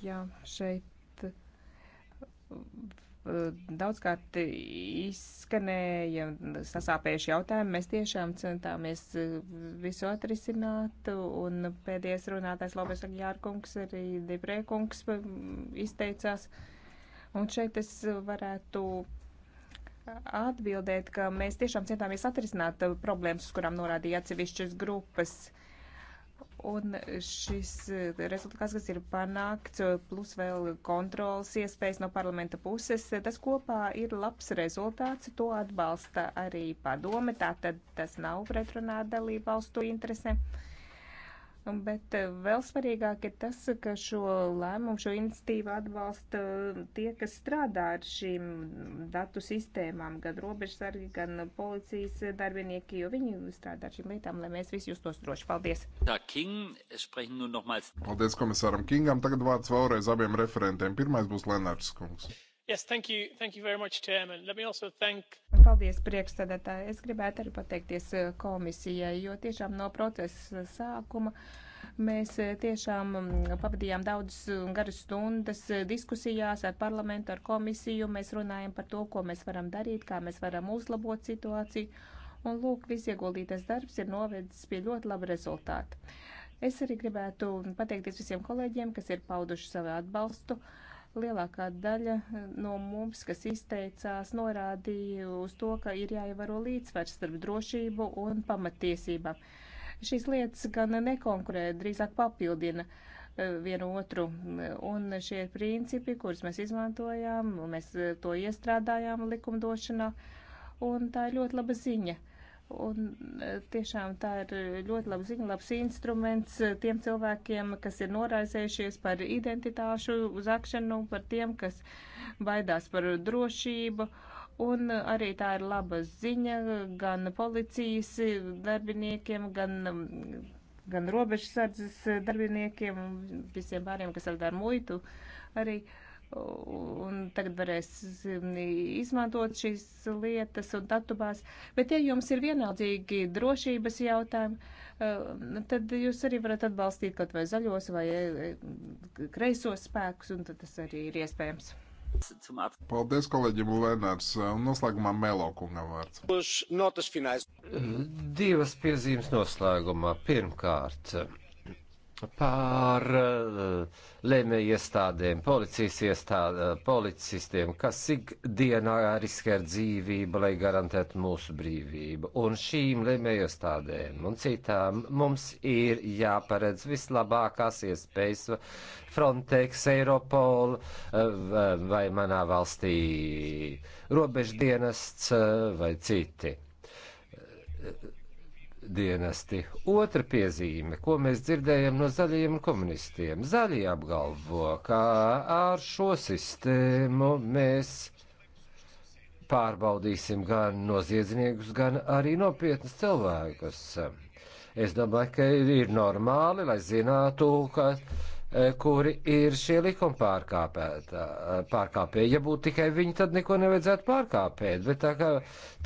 Ja šeit eh, daudzkārt izskanēja sasāpējuši jautājumi. Mēs tiešām centāmies eh, visu atrisināt, un pēdējais runātais Lobes Agjārkungs, arī Debrēkungs izteicās. Un šeit es varētu atbildēt, ka mēs tiešām centāmies atrisināt eh, problēmas, uz kurām norādīja atsevišķas grupas Un šis e, rezultāts, kas ir panākts, e, plus vēl kontrols iespējas no parlamenta puses, e, tas kopā ir labs rezultāts. To atbalsta arī padome, tātad tas nav pretrunā dalību valstu interesēm. Bet eh, vēl svarīgāk ir tas, ka šo lēmumu, šo iniciatīvu atbalsta eh, tie, kas strādā ar šīm datu sistēmām, gan robežsargi, gan policijas darbinieki, jo viņi strādā ar šīm lietām, lai mēs visi justos droši. Paldies! Nu Paldies komisāram Kingam. Tagad vārds vēlreiz abiem referentiem. Pirmais būs Lenārds Kungs. Yes, thank you. Thank you very much, Chairman. Let me also thank. Paldies, priekšsēdētāji. Es gribētu arī pateikties eh, komisijai, jo tiešām no procesa sākuma mēs eh, tiešām mm, pavadījām daudz mm, garas stundas eh, diskusijās ar parlamentu, ar komisiju. Mēs runājam par to, ko mēs varam darīt, kā mēs varam uzlabot situāciju. Un lūk, viss ieguldītais darbs ir novedis pie ļoti laba rezultāta. Es arī gribētu pateikties visiem kolēģiem, kas ir pauduši savu atbalstu. Uh, Lielākā daļa eh, no mums, kas izteicās, norādīja uz to, ka ir jāievaro līdzsvars starp drošību un pamatiesībām. Šīs lietas gan nekonkurē, drīzāk papildina eh, vienu otru, un šie ir principi, kurus mēs izmantojām, mēs to iestrādājām likumdošanā, un tā ir ļoti laba ziņa. Uh, Un e, tiešām tā ir ļoti laba ziņa, labs instruments e, tiem cilvēkiem, kas ir noraizējušies par identitāšu zakšanu, par tiem, kas baidās par drošību. Un e, arī tā ir laba ziņa gan policijas darbiniekiem, gan, gan robežsardzes darbiniekiem, visiem pāriem, kas strādā ar muitu. Arī uh, un tagad varēs izmantot šīs lietas un datubās. Bet, ja jums ir vienaldzīgi drošības jautājumi, eh, tad jūs arī varat atbalstīt kaut vai zaļos vai eh, kreisos spēkus, un tad tas arī ir iespējams. Paldies kolēģim Lenārs. Noslēgumā Melokungam vārds. Divas piezīmes noslēgumā. Pirmkārt pār eh, lēmēju iestādēm, policijas iestāde, eh, policistiem, kas ikdienā riskē ar dzīvību, lai garantētu mūsu brīvību. Un šīm lēmēju iestādēm un citām mums ir jāparedz vislabākās iespējas Frontex, Europol eh, vai manā valstī robeždienests vai citi dienesti. Otra piezīme, ko mēs dzirdējam no zaļajiem komunistiem. Zaļie apgalvo, ka ar šo sistēmu mēs pārbaudīsim gan noziedzniekus, gan arī nopietnus cilvēkus. Es domāju, ka ir normāli, lai zinātu, ka E, kuri ir šie likuma e, pārkāpēji. Ja būtu tikai viņi, tad neko nevajadzētu pārkāpēt. Bet tā kā,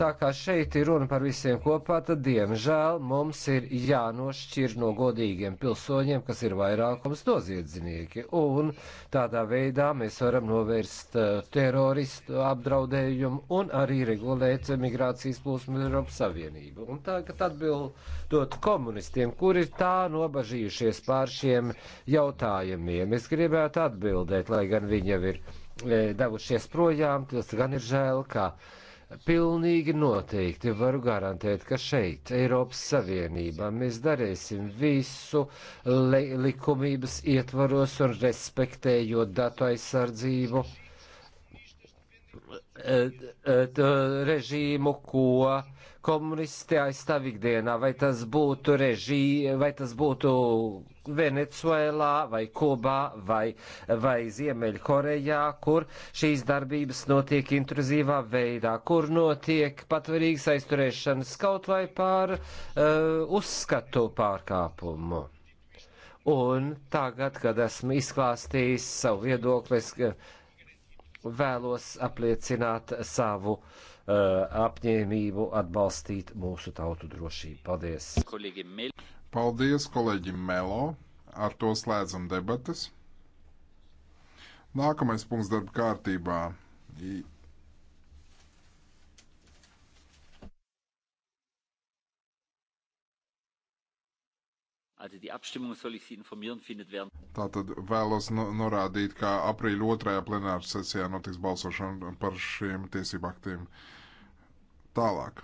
tā kā šeit ir runa par visiem kopā, tad diemžēl mums ir jānošķir no godīgiem pilsoņiem, kas ir vairākums noziedznieki. Un tādā veidā mēs varam novērst e, teroristu apdraudējumu un arī regulēt migrācijas plūsmu Eiropas Savienību. Un tagad atbildot komunistiem, kuri ir tā nobažījušies pār šiem jautājumiem jautājumiem. Es gribētu atbildēt, lai gan viņi jau ir e, devušies projām, tas gan ir žēl, ka pilnīgi noteikti varu garantēt, ka šeit, Eiropas Savienībā, mēs darīsim visu li likumības ietvaros un respektējot datu aizsardzību e, e, režīmu, ko komunisti aizstāv ikdienā, vai tas būtu režī, vai tas būtu Venecuēlā vai Kubā vai, vai Ziemeļkorejā, kur šīs darbības notiek intruzīvā veidā, kur notiek patvarīgas aizturēšanas kaut vai pār uh, eh, uzskatu pārkāpumu. Un tagad, kad esmu izklāstījis savu viedokli, es eh, vēlos apliecināt savu uh, apņēmību atbalstīt mūsu tautu drošību. Paldies! Paldies kolēģim Melo. Ar to slēdzam debatas. Nākamais punkts darba kārtībā Tātad vēlos norādīt, ka aprīļa otrajā plenāra sesijā notiks balsošana par šiem tiesību aktiem. Tālāk.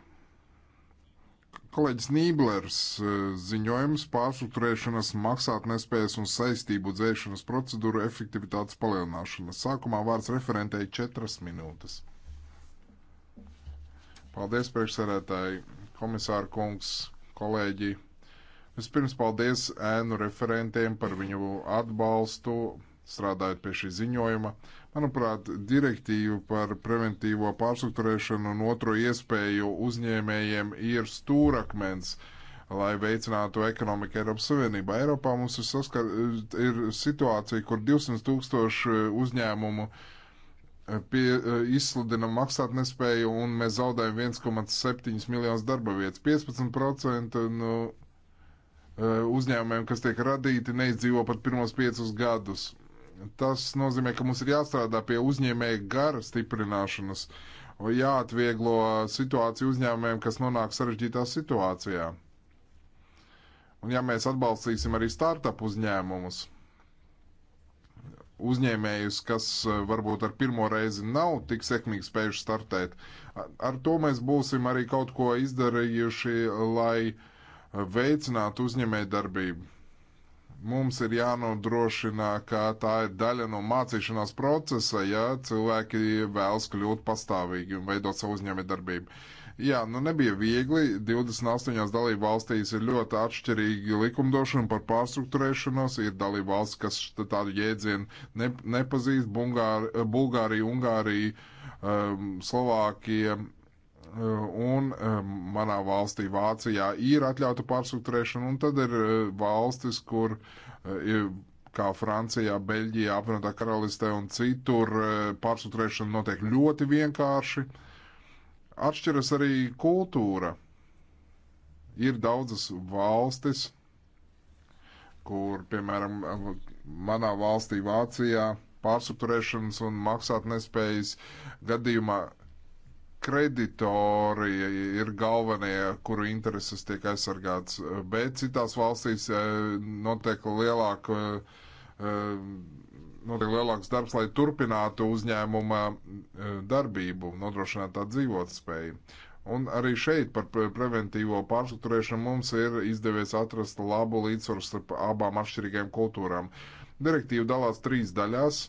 Kolēģis Nīblers eh, ziņojums pārstruktūrēšanas, maksātnespējas un saistību dzēšanas procedūru efektivitātes palielināšana. Sākumā vārds referentēja četras minūtes. Paldies, priekšsarētāji, komisāra kungs, kolēģi. Vispirms paldies ēnu referentiem par viņu atbalstu strādājot pie šī ziņojuma. Manuprāt, direktīva par preventīvo pārstrukturēšanu un otro iespēju uzņēmējiem ir stūrakmens, lai veicinātu ekonomiku Eiropas Savienībā. Eiropā mums ir, saskar, ir situācija, kur 200 tūkstoši uzņēmumu eh, pie, eh, izsludina maksātnespēju un mēs zaudējam 1,7 miljonus darba vietas. 15% no eh, uzņēmumiem, kas tiek radīti, neizdzīvo pat pirmos piecus gadus. Tas nozīmē, ka mums ir jāstrādā pie uzņēmēja gara stiprināšanas, jāatvieglo situāciju uzņēmumiem, kas nonāk sarežģītā situācijā. Un ja mēs atbalstīsim arī startup uzņēmumus, uzņēmējus, kas eh, varbūt ar pirmo reizi nav tik sekmīgi spējuši startēt, ar to mēs būsim arī kaut ko izdarījuši, lai eh, veicinātu uzņēmējdarbību. Mums ir jānodrošina, ka tā ir daļa no mācīšanās procesa, ja cilvēki vēlas kļūt pastāvīgi un veidot savu uzņēmējdarbību. Jā, nu nebija viegli. 28 dalību valstīs ir ļoti atšķirīga likumdošana par pārstruktūrēšanos. Ir dalību valsts, kas tādu jēdzienu ne, nepazīst. Bungāri, Bulgārija, Ungārija, um, Slovākija, Eh, un eh, manā valstī Vācijā ir atļauta pārstrukturēšana, un tad ir eh, valstis, kur kā Francijā, Beļģijā, apvienotā karalistē un citur pārstrukturēšana notiek ļoti vienkārši. Atšķiras arī kultūra. Ir daudzas valstis, kur, piemēram, manā valstī Vācijā pārstrukturēšanas un maksātnespējas gadījumā kreditori ir galvenie, kuru intereses tiek aizsargāts, bet citās valstīs eh, notiek lielāka. Eh, eh, notiek lielāks darbs, lai turpinātu uzņēmuma darbību, nodrošinātu tā dzīvotspēju. Un arī šeit par preventīvo pārstrukturēšanu mums ir izdevies atrast labu līdzsvaru starp abām atšķirīgajām kultūrām. Direktīva dalās trīs daļās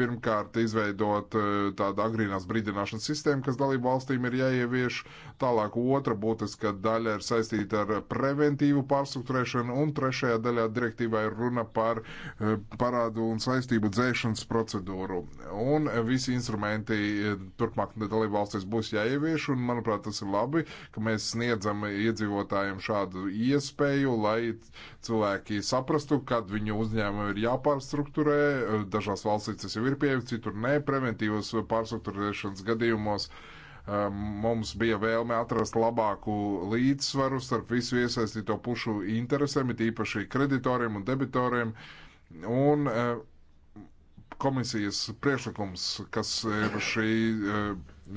pirmkārt izveidot eh, tādu agrīnās brīdināšanas sistēmu, kas dalību valstīm ir jāievieš Tālāk otra būtiska daļa ir saistīta ar preventīvu pārstruktūrēšanu, un trešajā daļā direktīvā ir runa par eh, parādu un saistību dzēšanas procedūru. Un visi instrumenti eh, turpmāk dalību valstīs būs jāievieš, un manuprāt tas ir labi, ka mēs sniedzam iedzīvotājiem šādu iespēju, lai cilvēki saprastu, kad viņu uzņēmumi ir jāpārstruktūrē. Eh, dažās valstīs tas jau ir pieejams, citur nē, preventīvos pārstruktūrēšanas gadījumos. Uh, Ehm, mums bija vēlme atrast labāku līdzsvaru starp visu iesaistīto pušu interesēm, it īpaši kreditoriem un debitoriem. Un ehm, komisijas priekšlikums, kas ir ehm, šī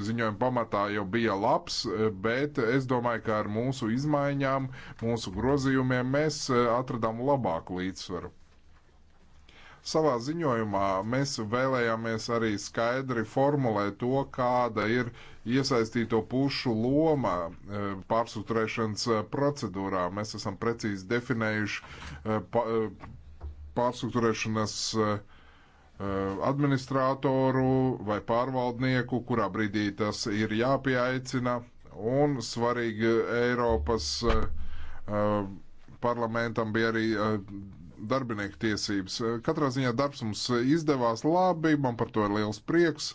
ziņojuma pamatā jau bija labs, bet es domāju, ka ar mūsu izmaiņām, mūsu grozījumiem mēs atradām labāku līdzsvaru. Savā ziņojumā mēs vēlējāmies arī skaidri formulēt to, kāda ir iesaistīto pušu loma e, pārsūturēšanas e, procedūrā. Mēs esam precīzi definējuši e, pārsūturēšanas administratoru vai pārvaldnieku, kurā brīdī tas ir jāpieaicina, un svarīgi Eiropas parlamentam bija arī darbinieku tiesības. Katrā ziņā darbs mums izdevās labi, man par to ir liels prieks.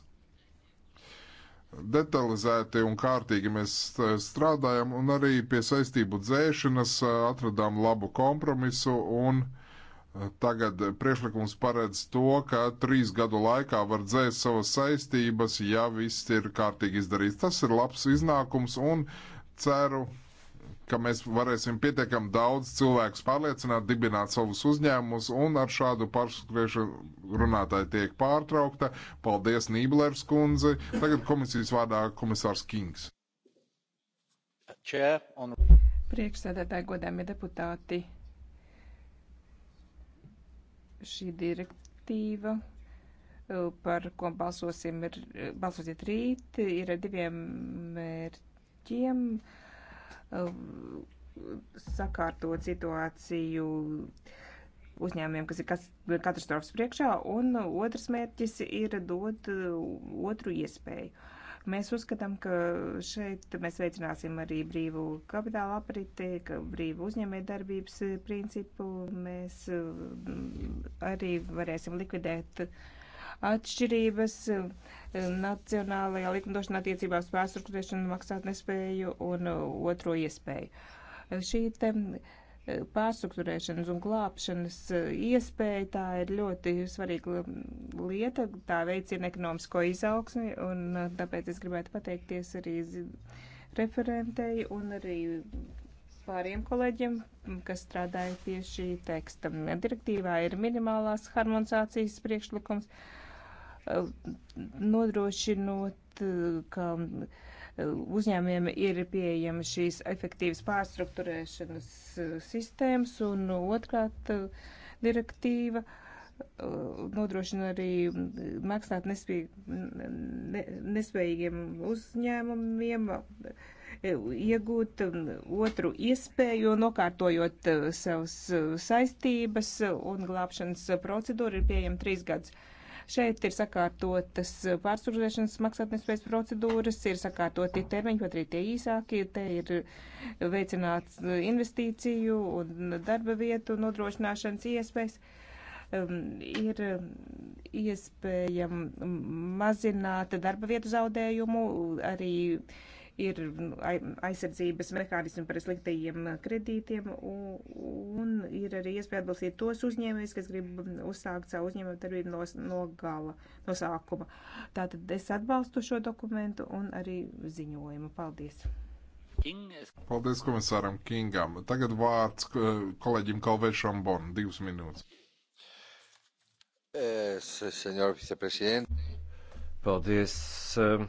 Detalizēti un kārtīgi mēs strādājam, un arī pie saistību dzēšanas atradām labu kompromisu, un tagad priekšlikums paredz to, ka trīs gadu laikā var dzēst savas saistības, ja viss ir kārtīgi izdarīts. Tas ir labs iznākums, un ceru, ka mēs varēsim pietiekami daudz cilvēkus pārliecināt, dibināt savus uzņēmumus, un ar šādu pārskriešanu runātāji tiek pārtraukta. Paldies Nīblers kundzi. Tagad komisijas vārdā komisārs Kings. Un... Priekšsēdētāji, godāmie deputāti, šī direktīva uh, par ko balsosim, ir, uh, balsosiet rīt, ir ar diviem mērķiem. Uh, Uh, sakārtot situāciju uzņēmumiem, kas ir katastrofas priekšā, un otrs mērķis ir dot uh, otru iespēju. Mēs uzskatām, ka šeit mēs veicināsim arī brīvu kapitāla apriti, ka brīvu uzņēmējdarbības principu mēs uh, arī varēsim likvidēt uh, atšķirības eh, nacionālajā likumdošanā attiecībā uz pārstrukturēšanu, maksāt nespēju un eh, otro iespēju. Eh, šī te pārstrukturēšanas un glābšanas iespēja tā ir ļoti svarīga lieta, tā veicina ekonomisko izaugsmi un tāpēc es gribētu pateikties arī referentei un arī pāriem kolēģiem, kas strādāja pie šī teksta. Direktīvā ir minimālās harmonizācijas priekšlikums. Uh, nodrošinot, ka e, uzņēmiem ir pieejama šīs efektīvas pārstruktūrēšanas e, sistēmas, un otrkārt e, direktīva nodrošina arī maksāt nespēj, ne, nespējīgiem uzņēmumiem iegūt otru iespēju, nokārtojot savas saistības, un glābšanas procedūra ir pieejama trīs gadus. Šeit ir sakārtotas pārsūdzēšanas maksātnespējas procedūras, ir sakārtoti termiņi, pat arī tie īsākie, te ir veicināts investīciju un darba vietu nodrošināšanas iespējas. Um, ir iespējama mazināt darba vietu zaudējumu, arī uh, ir nu, aizsardzības mehānismi par sliktajiem kredītiem, un, un ir arī iespēja atbalstīt tos uzņēmējus, kas grib uzsākt savu uzņēmumu darbību no, no gala, no sākuma. Tātad es atbalstu šo dokumentu un arī ziņojumu. Paldies! Paldies komisāram Kingam. Tagad vārds kolēģim Kalvēšam Bon, divas minūtes. Es, eh, senjor viceprezident. Paldies. Uh,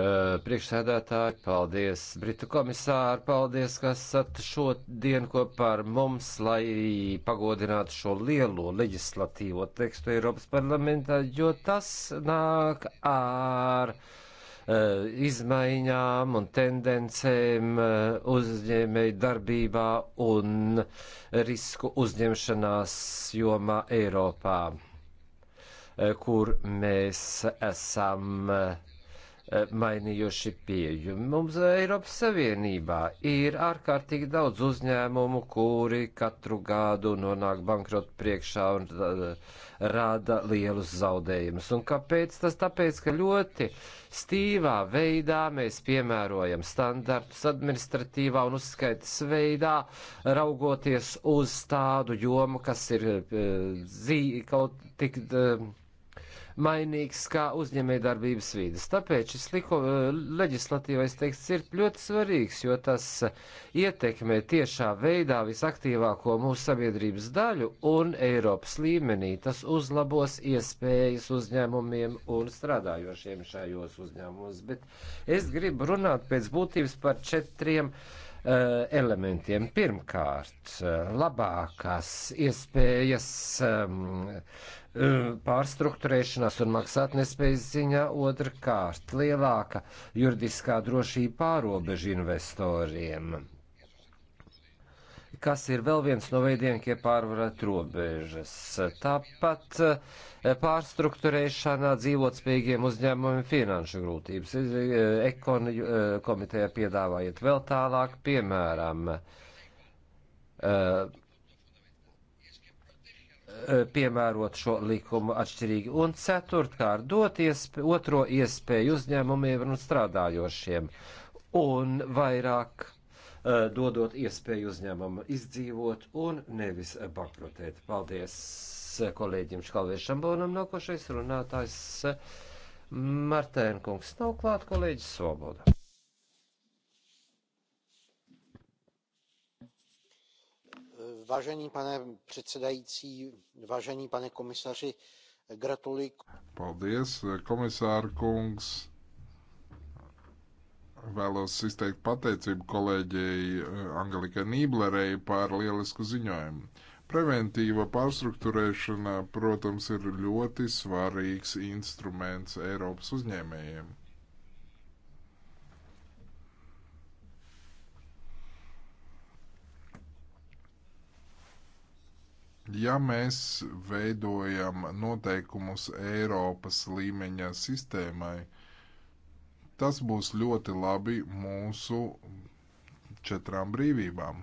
Eh, priekšsēdētāji, paldies Britu komisāru, paldies, ka esat šodien kopā ar mums, lai pagodinātu šo lielo leģislatīvo tekstu Eiropas parlamentā, jo tas nāk ar uh, izmaiņām un tendencēm eh, uzņēmēju darbībā un risku uzņemšanās jomā Eiropā, uh, kur mēs esam uh, Eh, mainījuši pieju. Mums eh, Eiropas Savienībā ir ārkārtīgi daudz uzņēmumu, kuri katru gadu nonāk bankrotu priekšā un eh, rāda lielus zaudējumus. Un kāpēc? Tas tāpēc, ka ļoti stīvā veidā mēs piemērojam standartus administratīvā un uzskaitas veidā, raugoties uz tādu jomu, kas ir zī, kaut tik. Uh, mainīgs kā uzņēmējdarbības vīdes. Tāpēc šis liko, eh, leģislatīvais teksts ir ļoti svarīgs, jo tas eh, ietekmē tiešā veidā visaktīvāko mūsu sabiedrības daļu un Eiropas līmenī. Tas uzlabos iespējas uzņēmumiem un strādājošiem šajos uzņēmumos. Bet es gribu runāt pēc būtības par četriem eh, elementiem. Pirmkārt, labākās iespējas um, Eh, pārstruktūrēšanās un maksātnespējas ziņā, otrkārt lielāka juridiskā drošība pārobežu investoriem kas ir vēl viens no veidiem, kā pārvarēt robežas. Tāpat eh, pārstruktūrēšanā dzīvotspējīgiem uzņēmumiem finanšu grūtības. Eh, Ekonu komiteja piedāvājiet vēl tālāk, piemēram, Eh, piemērot šo likumu atšķirīgi, un ceturtkārt dot iespē, otro iespēju uzņēmumiem un strādājošiem, un vairāk uh, dodot iespēju uzņēmumu izdzīvot un nevis bankrotēt. Paldies eh, kolēģim Škalviešam Bonam, nākošais runātājs Martēnkungs. Nav klāt kolēģis Svoboda. pane předsedající pane komisaři gratuluju. paldies komisār kungs vēlos izteikt pateicību kolēģei eh, Angelikai Nīblerei par lielisku ziņojumu. Preventīva pārstruktūrēšana, protams, ir ļoti svarīgs instruments Eiropas uzņēmējiem. Ja mēs veidojam noteikumus Eiropas līmeņa sistēmai, tas būs ļoti labi mūsu četrām brīvībām.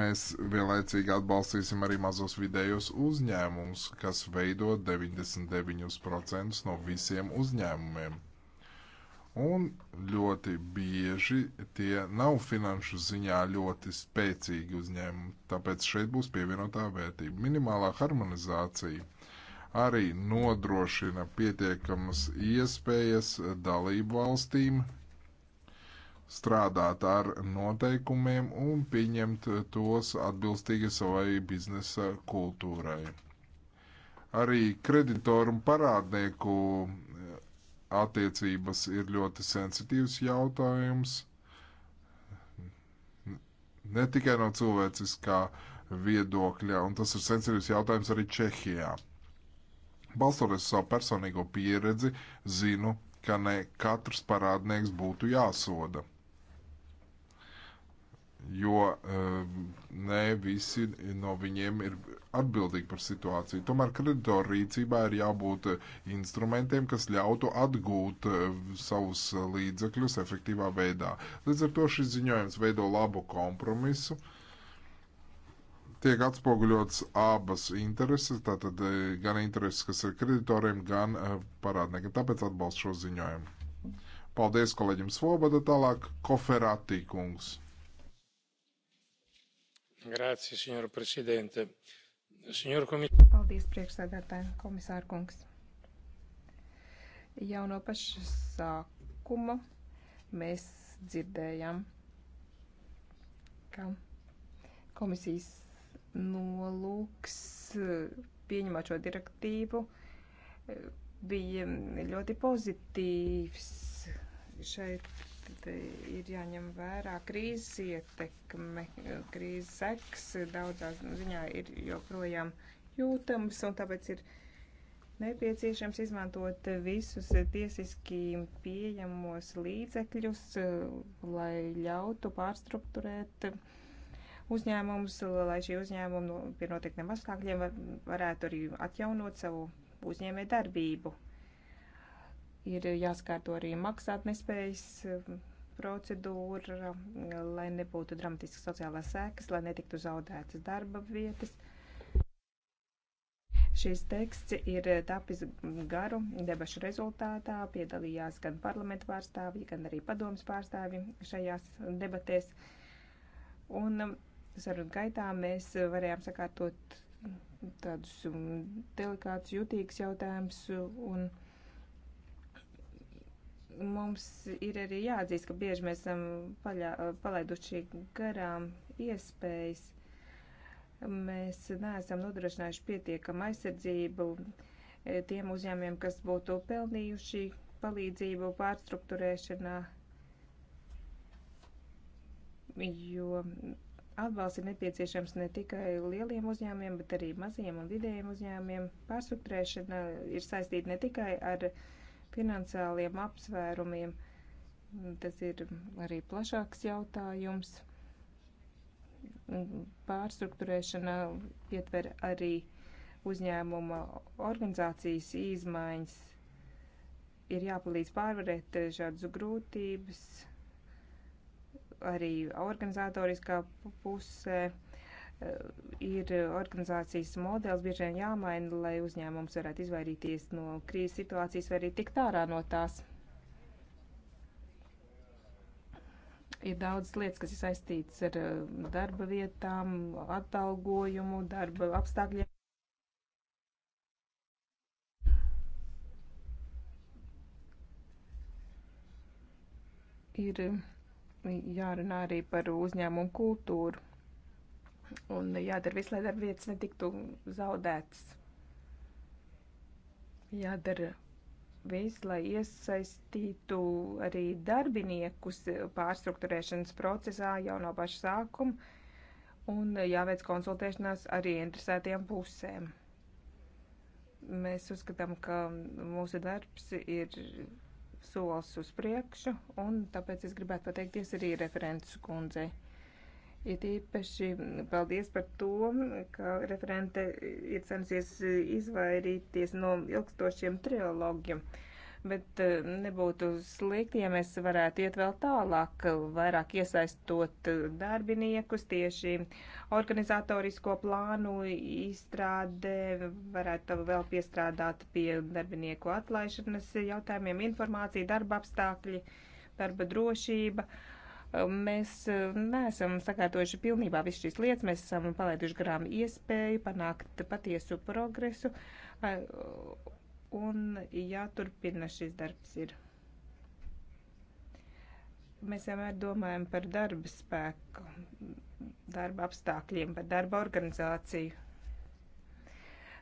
Mēs vienlaicīgi atbalstīsim arī mazos vidējos uzņēmumus, kas veido 99% no visiem uzņēmumiem. Un ļoti bieži tie nav finanšu ziņā ļoti spēcīgi uzņēmumi, tāpēc šeit būs pievienotā vērtība. Minimālā harmonizācija arī nodrošina pietiekamas iespējas dalību valstīm strādāt ar noteikumiem un pieņemt tos atbilstīgi savai biznesa kultūrai. Arī kreditoru un parādnieku attiecības ir ļoti sensitīvs jautājums. Ne tikai no cilvēciskā viedokļa, un tas ir sensitīvs jautājums arī Čehijā. Balstoties uz savu personīgo pieredzi, zinu, ka ne katrs parādnieks būtu jāsoda. Jo ehm, ne visi no viņiem ir atbildīgi par situāciju. Tomēr kreditoru rīcībā ir jābūt eh, instrumentiem, kas ļautu atgūt eh, savus līdzekļus efektīvā veidā. Līdz ar to šis ziņojums veido labu kompromisu. Tiek atspoguļots abas intereses, tātad eh, gan intereses, kas ir kreditoriem, gan parādniekiem. Tāpēc atbalstu šo ziņojumu. Paldies kolēģim Svoboda, tālāk Koferatī kungs. Grazie, signor Presidente Paldies, priekšsēdētāji, komisāra kungs. Jau no paša sākuma mēs dzirdējām, ka komisijas nolūks eh, pieņemot šo direktīvu eh, bija ļoti pozitīvs. Šeit ir jāņem vērā krīzes ietekme, krīzes seks daudzās ziņā ir joprojām jūtams, un tāpēc ir nepieciešams izmantot visus tiesiski pieejamos līdzekļus, lai ļautu pārstruktūrēt uzņēmumus, lai šie uzņēmumi nu, pie noteiktiem apstākļiem varētu arī atjaunot savu uzņēmē darbību Ir jāskārto arī maksāt nespējas um, procedūra, lai nebūtu dramatiskas sociālās sēkas, lai netiktu zaudētas darba vietas. Šis teksts ir tapis garu debašu rezultātā, piedalījās gan parlamentu pārstāvji, gan arī padomas pārstāvji šajās debatēs. Un um, sarunu gaitā mēs varējām sakārtot tādus um, delikātus, jutīgus jautājumus un mums ir arī jāatzīst, ka bieži mēs esam paļā, palaiduši garām iespējas. Mēs neesam nodrošinājuši pietiekamu aizsardzību e, tiem uzņēmiem, kas būtu pelnījuši palīdzību pārstruktūrēšanā, jo atbalsts ir nepieciešams ne tikai lieliem uzņēmiem, bet arī maziem un vidējiem uzņēmiem. Pārstruktūrēšana ir saistīta ne tikai ar uh, finansiāliem apsvērumiem. Tas ir arī plašāks jautājums. Pārstruktūrēšana ietver arī uzņēmuma organizācijas izmaiņas. Ir jāpalīdz pārvarēt šādas grūtības arī organizatoriskā pusē Eh, ir eh, organizācijas modelis bieži vien jāmaina, lai uzņēmums varētu izvairīties no krīzes situācijas vai arī tikt ārā no tās. Ir daudz lietas, kas ir saistītas ar eh, darba vietām, atalgojumu, darba apstākļiem. Ir jārunā arī par uzņēmumu kultūru un jādara viss, lai darba vietas netiktu zaudētas. Jādara viss, lai iesaistītu arī darbiniekus pārstruktūrēšanas procesā jau no paša sākuma, un jāveic konsultēšanās arī interesētiem pusēm. Mēs uzskatām, ka mūsu darbs ir solis uz priekšu, un tāpēc es gribētu pateikties arī referents kundzei. It īpaši paldies par to, ka referente ir censies izvairīties no ilgstošiem trilogiem. Bet eh, nebūtu slikti, ja mēs varētu iet vēl tālāk, vairāk iesaistot eh, darbiniekus tieši organizatorisko plānu izstrādē, varētu vēl piestrādāt pie darbinieku atlaišanas jautājumiem, informācija, darba apstākļi, darba drošība. Uh, Mēs e, neesam sakārtojuši pilnībā visu šīs lietas, mēs esam palaiduši grām iespēju panākt patiesu progresu, un jāturpina šis darbs ir. Mēs vienmēr domājam par darba spēku, darba apstākļiem, par darba organizāciju.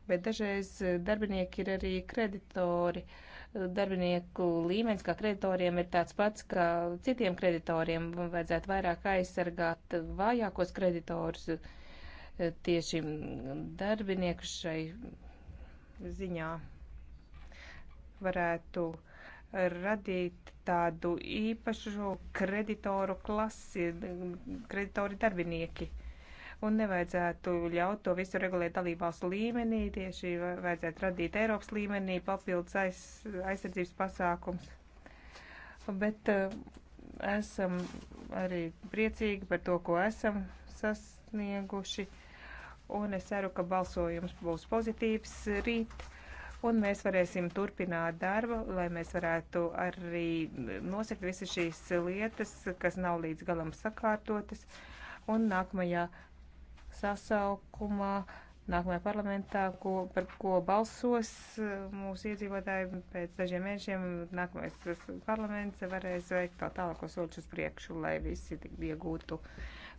Bet dažreiz darbinieki ir arī kreditori. Uh, darbinieku līmenis kā kreditoriem ir tāds pats, kā citiem kreditoriem. Vajadzētu vairāk aizsargāt vājākos kreditorus eh, tieši darbinieku šai ziņā varētu radīt tādu īpašu kreditoru klasi, kreditori darbinieki un nevajadzētu ļaut to visu regulēt dalībvalstu līmenī, tieši vajadzētu radīt Eiropas līmenī papildus aiz, aizsardzības pasākums. Bet uh, esam arī priecīgi par to, ko esam sasnieguši, un es ceru, ka balsojums būs pozitīvs rīt un mēs varēsim turpināt darbu, lai mēs varētu arī nosekt visas šīs lietas, kas nav līdz galam sakārtotas. Un nākamajā sasaukumā, nākamajā parlamentā, ko, par ko balsos eh, mūsu iedzīvotāji pēc dažiem mēnešiem. Nākamais parlaments varēs veikt tā tālāko soļus uz priekšu, lai visi iegūtu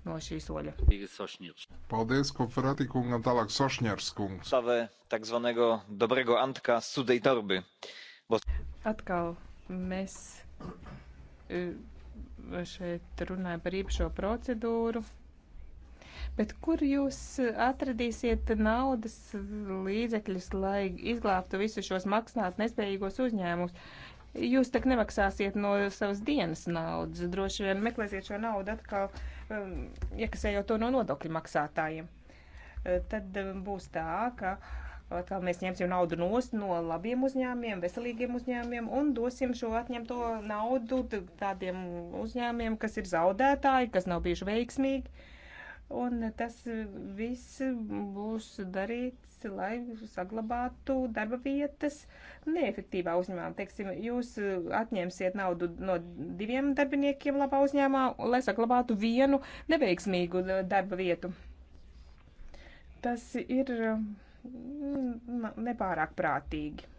no šī soļa. Paldies, Koferati kungam, tālāk Sošņers kungs. Save tak zvanego dobrego antka sudei darbi. Bos... Atkal mēs eh, šeit runājam par īpašo procedūru. Bet kur jūs eh, atradīsiet naudas līdzekļus, lai izglābtu visus šos maksāt nespējīgos uzņēmumus? Jūs tak nemaksāsiet no savas dienas naudas. Droši vien meklēsiet šo naudu atkal, um, iekasējot to no nodokļu maksātājiem. Eh, tad eh, būs tā, ka atkal mēs ņemsim naudu nost no labiem uzņēmiem, veselīgiem uzņēmiem un dosim šo atņemto naudu tādiem uzņēmiem, kas ir zaudētāji, kas nav bijuši veiksmīgi. Un tas viss būs darīts, lai saglabātu darba vietas neefektīvā uzņēmumā. Teiksim, jūs atņemsiet naudu no diviem darbiniekiem labā uzņēmumā, lai saglabātu vienu neveiksmīgu darba vietu. Tas ir mm, nepārāk prātīgi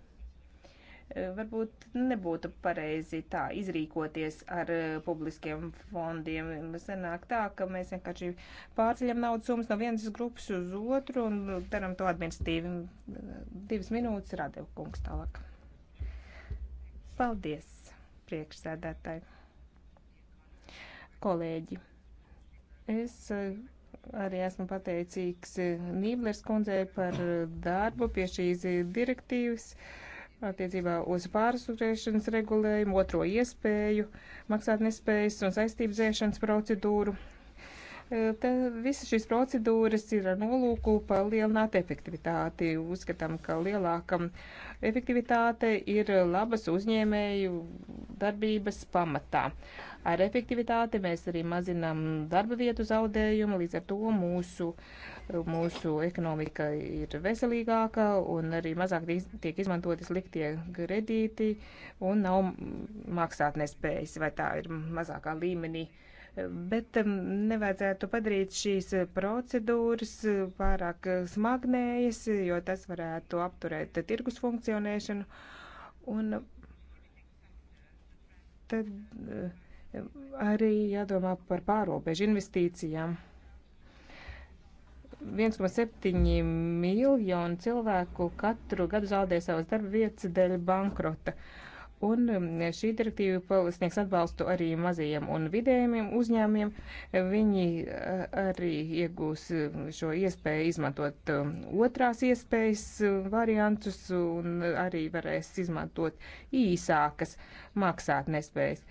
varbūt nebūtu pareizi tā izrīkoties ar eh, publiskiem fondiem. Senāk tā, ka mēs vienkārši pārceļam naudas summas no vienas grupas uz otru un daram to administratīvi. Divas minūtes radēju kungs tālāk. Paldies, priekšsēdētāji. Kolēģi, es eh, arī esmu pateicīgs eh, Nīblers kundzei par darbu pie šīs direktīvas. Uh, attiecībā uz pārsūdzēšanas regulējumu, otro iespēju, maksātnespējas un saistību dzēšanas procedūru, Tad visas šīs procedūras ir ar nolūku palielināt efektivitāti. Uzskatām, ka lielāka efektivitāte ir labas uzņēmēju darbības pamatā. Ar efektivitāti mēs arī mazinām darba vietu zaudējumu, līdz ar to mūsu, mūsu ekonomika ir veselīgāka un arī mazāk tiek izmantoti sliktie kredīti un nav maksātnespējas vai tā ir mazākā līmenī. Uh, bet nevajadzētu padarīt šīs procedūras pārāk smagnējas, jo tas varētu apturēt tirgus funkcionēšanu. Un tad eh, arī jādomā par pārobežu investīcijām. 1,7 miljonu cilvēku katru gadu zaudē savas darba vietas dēļ bankrota. Uh, Un um, šī direktīva sniegs atbalstu arī mazajiem un vidējiem uzņēmiem. Viņi uh, arī iegūs um, šo iespēju izmantot um, otrās iespējas uh, variantus un arī varēs izmantot īsākas maksāt nespējas.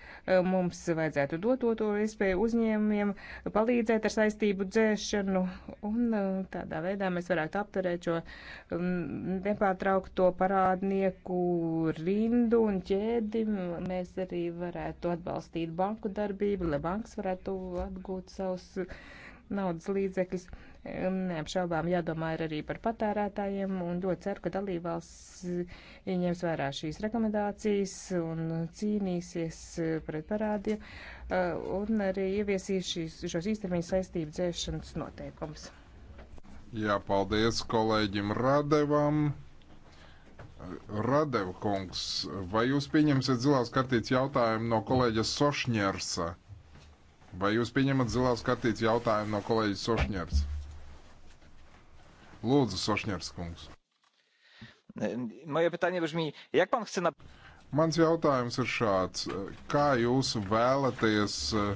Mums vajadzētu dot to iespēju uzņēmumiem palīdzēt ar saistību dzēšanu, un tādā veidā mēs varētu apturēt šo nepārtraukto parādnieku rindu un ķēdi. Mēs arī varētu atbalstīt banku darbību, lai bankas varētu atgūt savus naudas līdzekļus. Neapšaubām jādomā ir arī par patērētājiem un ļoti ceru, ka dalībvalsts ieņems vērā šīs rekomendācijas un cīnīsies pret parādiem uh, un arī ieviesīs šīs, šos īstermiņu saistību dzēšanas noteikums. Jā, paldies kolēģim Radevam. Radev kungs, vai jūs pieņemsiet zilās kartītes jautājumu no kolēģa Sošņersa? Vai jūs pieņemat zilās kartītes jautājumu no kolēģa Sošņersa? Lūdzu, Sošņers kungs. E, moje pytanie brzmi, jak pan chce... Mans jautājums ir šāds. E, kā jūs vēlaties e,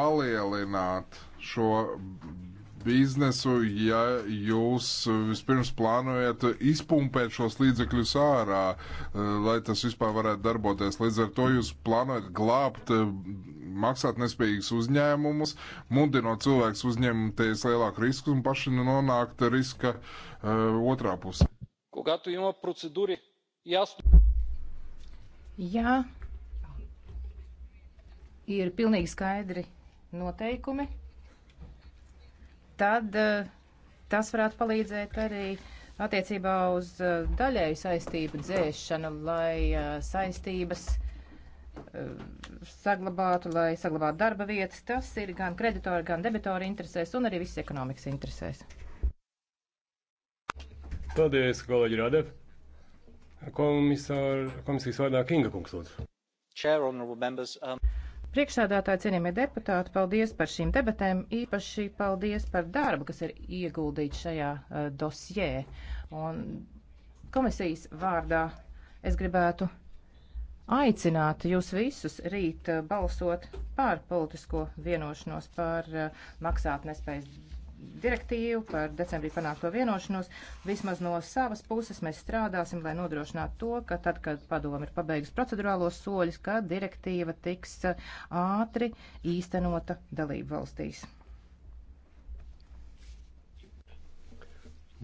palielināt šo biznesu, ja jūs eh, vispirms plānojat izpumpēt šos līdzekļus ārā, eh, lai tas vispār varētu darboties. Līdz ar to jūs plānojat glābt eh, maksāt nespējīgus uzņēmumus, mudinot cilvēkus uzņemties lielāku risku un paši nonākt riska uh, otrā pusē. Jā, ir pilnīgi skaidri noteikumi tad eh, tas varētu palīdzēt arī attiecībā uz eh, daļēju saistību dzēšanu, lai eh, saistības saglabātu, lai saglabātu darba vietas. Tas ir gan kreditori, gan debitori interesēs un arī viss ekonomikas interesēs. Paldies, kolēģi Radev. Komisār, komisijas vārdā Kinga kungs lūdzu. Chair, honorable members. Um... Priekšsādātāji, cienījamie deputāti, paldies par šīm debatēm, īpaši paldies par darbu, kas ir ieguldīts šajā uh, dosjē. Un komisijas vārdā es gribētu aicināt jūs visus rīt uh, balsot pār politisko vienošanos par uh, maksātnespējas direktīvu, par decembrī panākto vienošanos. Vismaz no savas puses mēs strādāsim, lai nodrošinātu to, ka tad, kad padomi ir pabeigusi procedurālos soļus, ka direktīva tiks uh, ātri īstenota dalību valstīs.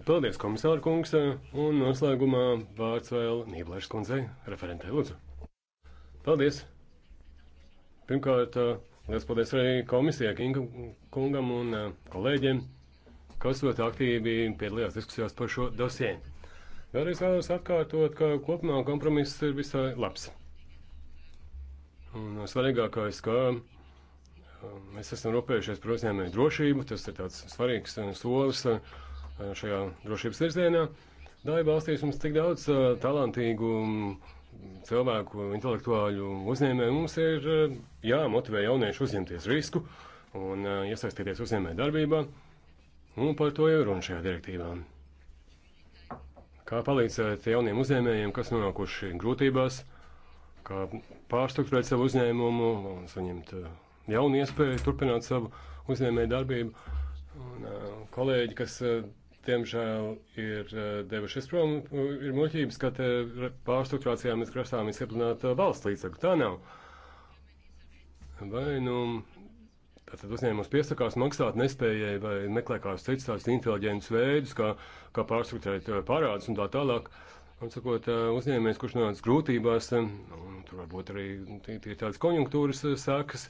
Paldies, komisāra kungs, uh, un noslēgumā vārds vēl Nīblēšas kundzei, referentē, lūdzu. Paldies! Pirmkārt, uh, Lielas paldies arī komisijai, Kinga kungam un eh, kolēģiem, kas ļoti aktīvi piedalījās diskusijās par šo dosiju. Vēlreiz vēlos atkārtot, ka kopumā kompromiss ir visai labs. Un svarīgākais, ka eh, mēs esam rūpējušies par uzņēmēju drošību, tas ir tāds svarīgs eh, solis šajā drošības virzienā. Dāja valstīs mums tik daudz talantīgu un cilvēku, intelektuāļu uzņēmēju mums ir jāmotivē jaunieši uzņemties risku un eh, iesaistīties uzņēmē darbībā, un par to jau runa šajā direktīvā. Kā palīdzēt jauniem uzņēmējiem, kas nonākuši grūtībās, kā pārstruktūrēt savu uzņēmumu un saņemt eh, jaunu iespēju turpināt savu uzņēmēju darbību. Un, eh, kolēģi, kas diemžēl ir eh, devušies prom, ir muļķības, ka te pārstruktūrācijā mēs grasāmies ieplināt valsts līdzekļu. Tā nav. Vai nu tātad uzņēmums piesakās maksāt nespējai vai meklē kādus citus tādus inteliģentus veidus, kā, kā pārstruktūrēt eh, parādus un tā tālāk. Un sakot, eh, uzņēmējs, kurš nonāca grūtībās, un tur varbūt arī tie ir tādas konjunktūras sākas,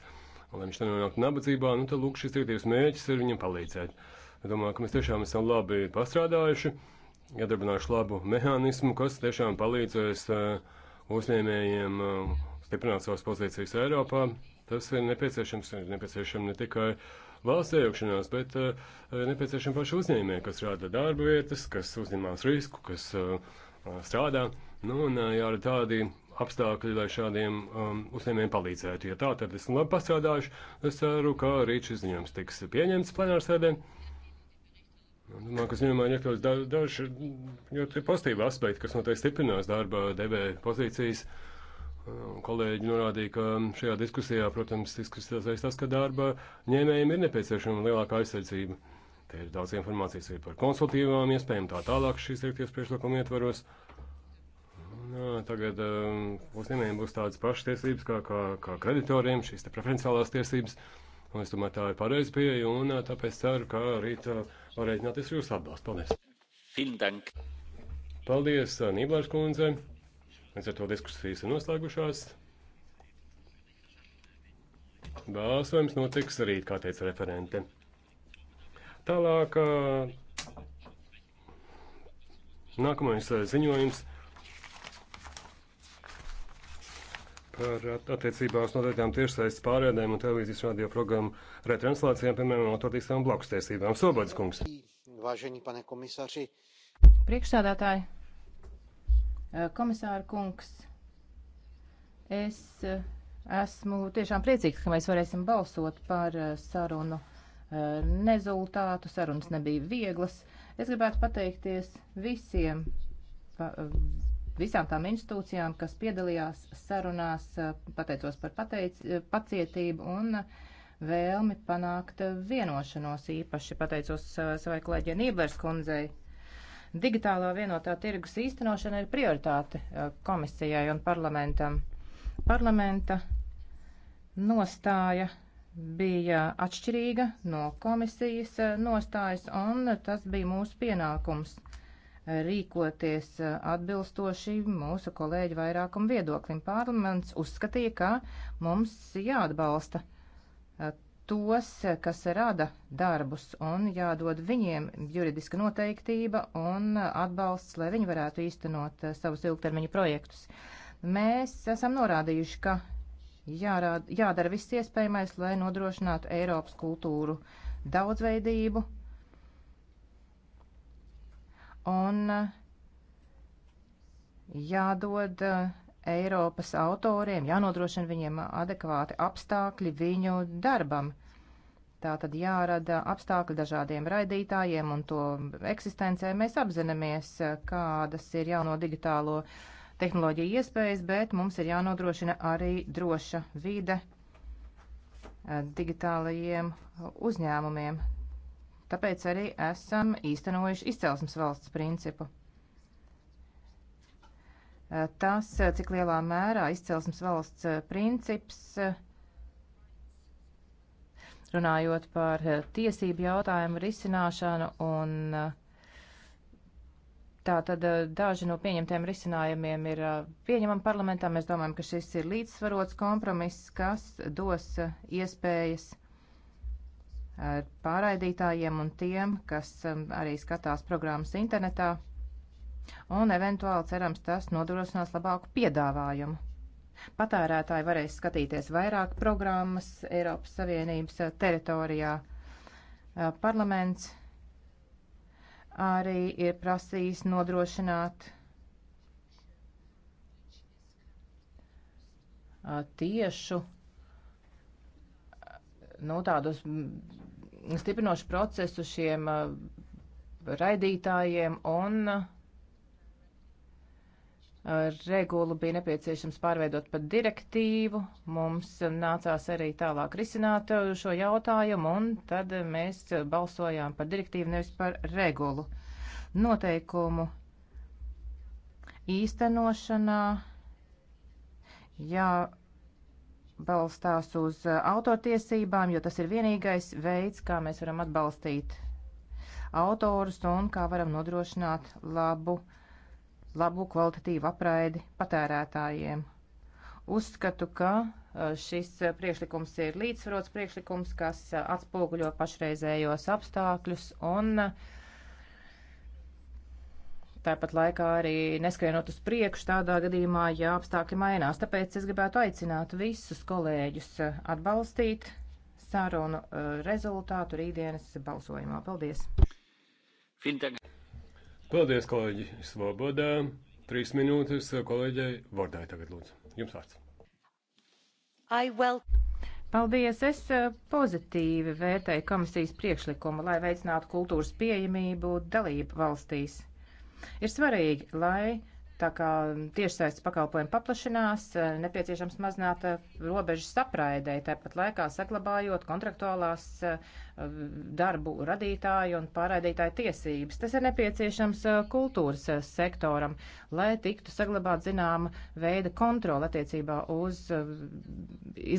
un lai viņš nenonāktu nabadzībā, nu tad lūk šis tirties mēģis ir viņam palīdzēt. Uh, Domāju, ka mēs tiešām esam labi pastrādājuši, iedarbinājuši labu mehānismu, kas tiešām palīdzēs eh, uzņēmējiem eh, stiprināt savas pozīcijas Eiropā. Tas ir nepieciešams, ir nepieciešams ne tikai valsts iejaukšanās, bet uh, eh, nepieciešami paši uzņēmēji, kas rada darba vietas, kas uzņemās risku, kas uh, strādā. Nu, un uh, jārada tādi apstākļi, lai šādiem um, uzņēmējiem palīdzētu. Ja tā, tad esmu labi pastrādājuši. Es ceru, ka rīt šis ziņojums tiks pieņemts plenārsēdē. Ar Domāju, ka ziņojumā ir iekļauts da daži ļoti pozitīvi aspekti, kas noteikti stiprinās darba devēja pozīcijas. Kolēģi norādīja, ka šajā diskusijā, protams, izkristalizējas tas, ka darba ņēmējiem ir nepieciešama lielāka aizsardzība. Te ir daudz informācijas arī par konsultīvām iespējām, tā tālāk šīs direktīvas priekšlikuma ietvaros. Nā, tagad uzņēmējiem būs tādas pašas tiesības kā, kā, kā kreditoriem, šīs preferenciālās tiesības. Un es domāju, tā ir pareiza pieeja, un tāpēc ceru, ka rīt var rēķināties ar jūsu atbalstu. Paldies! Paldies, Nīblārs kundze! Līdz ar to diskusijas ir noslēgušās. Balsojums notiks rīt, kā teica referente. Tālāk, nākamais ziņojums par attiecībā uz noteiktām tiešsaistes pārēdēm un televīzijas radio programmu retranslācijām, piemēram, autortīstām blakus tiesībām. Sobads kungs. Vāženi, pane komisāri. Priekšsādātāji, eh, komisāra kungs, es eh, esmu tiešām priecīgs, ka mēs varēsim balsot par eh, sarunu rezultātu. Sarunas nebija vieglas. Es gribētu pateikties visiem. Pa, visām tām institūcijām, kas piedalījās sarunās, eh, pateicos par pateic, eh, pacietību un eh, vēlmi panākt vienošanos. Īpaši pateicos savai kolēģei Nīblers kundzei. Digitālā vienotā tirgus īstenošana ir prioritāte komisijai un parlamentam. Parlamenta nostāja bija atšķirīga no komisijas nostājas, un tas bija mūsu pienākums rīkoties eh, atbilstoši mūsu kolēģi vairākumu viedoklim. Parlaments uzskatīja, ka mums jāatbalsta eh, tos, kas rada darbus, un jādod viņiem juridiska noteiktība un atbalsts, lai viņi varētu īstenot eh, savus ilgtermiņa projektus. Mēs esam norādījuši, ka jārād, jādara viss iespējamais, lai nodrošinātu Eiropas kultūru daudzveidību un jādod uh, Eiropas autoriem, jānodrošina viņiem adekvāti apstākļi viņu darbam. Tā tad jārada apstākļi dažādiem raidītājiem un to eksistencē. Mēs apzināmies, uh, kādas ir jauno digitālo tehnoloģiju iespējas, bet mums ir jānodrošina arī droša vide uh, digitālajiem uzņēmumiem. Tāpēc arī esam īstenojuši izcelsmes valsts principu. Eh, tas, eh, cik lielā mērā izcelsmes valsts eh, princips, runājot par tiesību jautājumu risināšanu un tā tad daži no pieņemtiem risinājumiem ir pieņemami parlamentā. Mēs domājam, ka šis ir līdzsvarots kompromiss, kas dos iespējas uh, pārraidītājiem un tiem, kas um, arī skatās programmas internetā, un eventuāli cerams tas nodrošinās labāku piedāvājumu. Patērētāji varēs skatīties vairāk programmas Eiropas Savienības uh, teritorijā. Uh, parlaments arī ir prasījis nodrošināt uh, tiešu nu, tādus stiprinošu procesu šiem uh, raidītājiem un uh, regulu bija nepieciešams pārveidot par direktīvu. Mums nācās arī tālāk risināt uh, šo jautājumu, un tad mēs balsojām par direktīvu, nevis par regulu. Noteikumu īstenošanā jā. Ja jābalstās uz uh, autortiesībām, jo tas ir vienīgais veids, kā mēs varam atbalstīt autorus un kā varam nodrošināt labu, labu kvalitatīvu apraidi patērētājiem. Uzskatu, ka uh, šis priekšlikums ir līdzsvarots priekšlikums, kas uh, atspoguļo pašreizējos apstākļus un uh, Tāpat laikā arī neskrienot uz priekšu tādā gadījumā, ja apstākļi mainās. Tāpēc es gribētu aicināt visus kolēģus eh, atbalstīt sarunu eh, rezultātu rītdienas balsojumā. Paldies! Paldies, kolēģi Svobodā! Trīs minūtes eh, kolēģei Vordai tagad lūdzu. Jums vārds. Will... Paldies! Es pozitīvi vērtēju komisijas priekšlikumu, lai veicinātu kultūras pieejamību dalību valstīs. Ir svarīgi, lai tā kā tiešsaistes pakalpojumi paplašinās, eh, nepieciešams mazināt eh, robežas sapraidē, tāpat laikā saglabājot kontraktuālās eh, darbu radītāju un pārraidītāju tiesības. Tas ir nepieciešams kultūras sektoram, lai tiktu saglabāt zināma veida kontrola attiecībā uz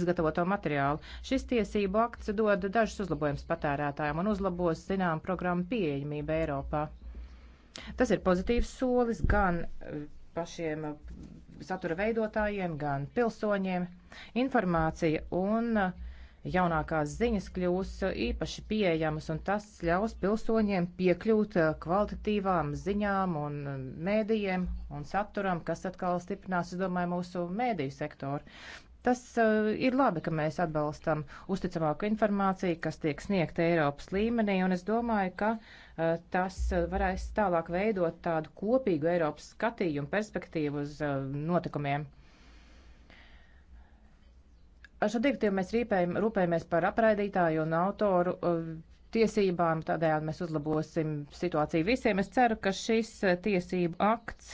izgatavoto materiālu. Šis tiesību akts dod dažus uzlabojumus patērētājiem un uzlabos zinām programmu pieejamību Eiropā. Tas ir pozitīvs solis gan eh, pašiem eh, satura veidotājiem, gan pilsoņiem. Informācija un eh, jaunākās ziņas kļūs īpaši pieejamas, un tas ļaus pilsoņiem piekļūt kvalitatīvām ziņām un mēdījiem un saturam, kas atkal stiprinās, es domāju, mūsu mēdīju sektoru. Tas uh, ir labi, ka mēs atbalstam uzticamāku informāciju, kas tiek sniegta Eiropas līmenī, un es domāju, ka uh, tas varēs tālāk veidot tādu kopīgu Eiropas skatījumu perspektīvu uz uh, notikumiem. Ar šo direktīvu mēs rīpējam, rūpējamies par apraidītāju un autoru uh, tiesībām, tādējādi mēs uzlabosim situāciju visiem. Es ceru, ka šis tiesību akts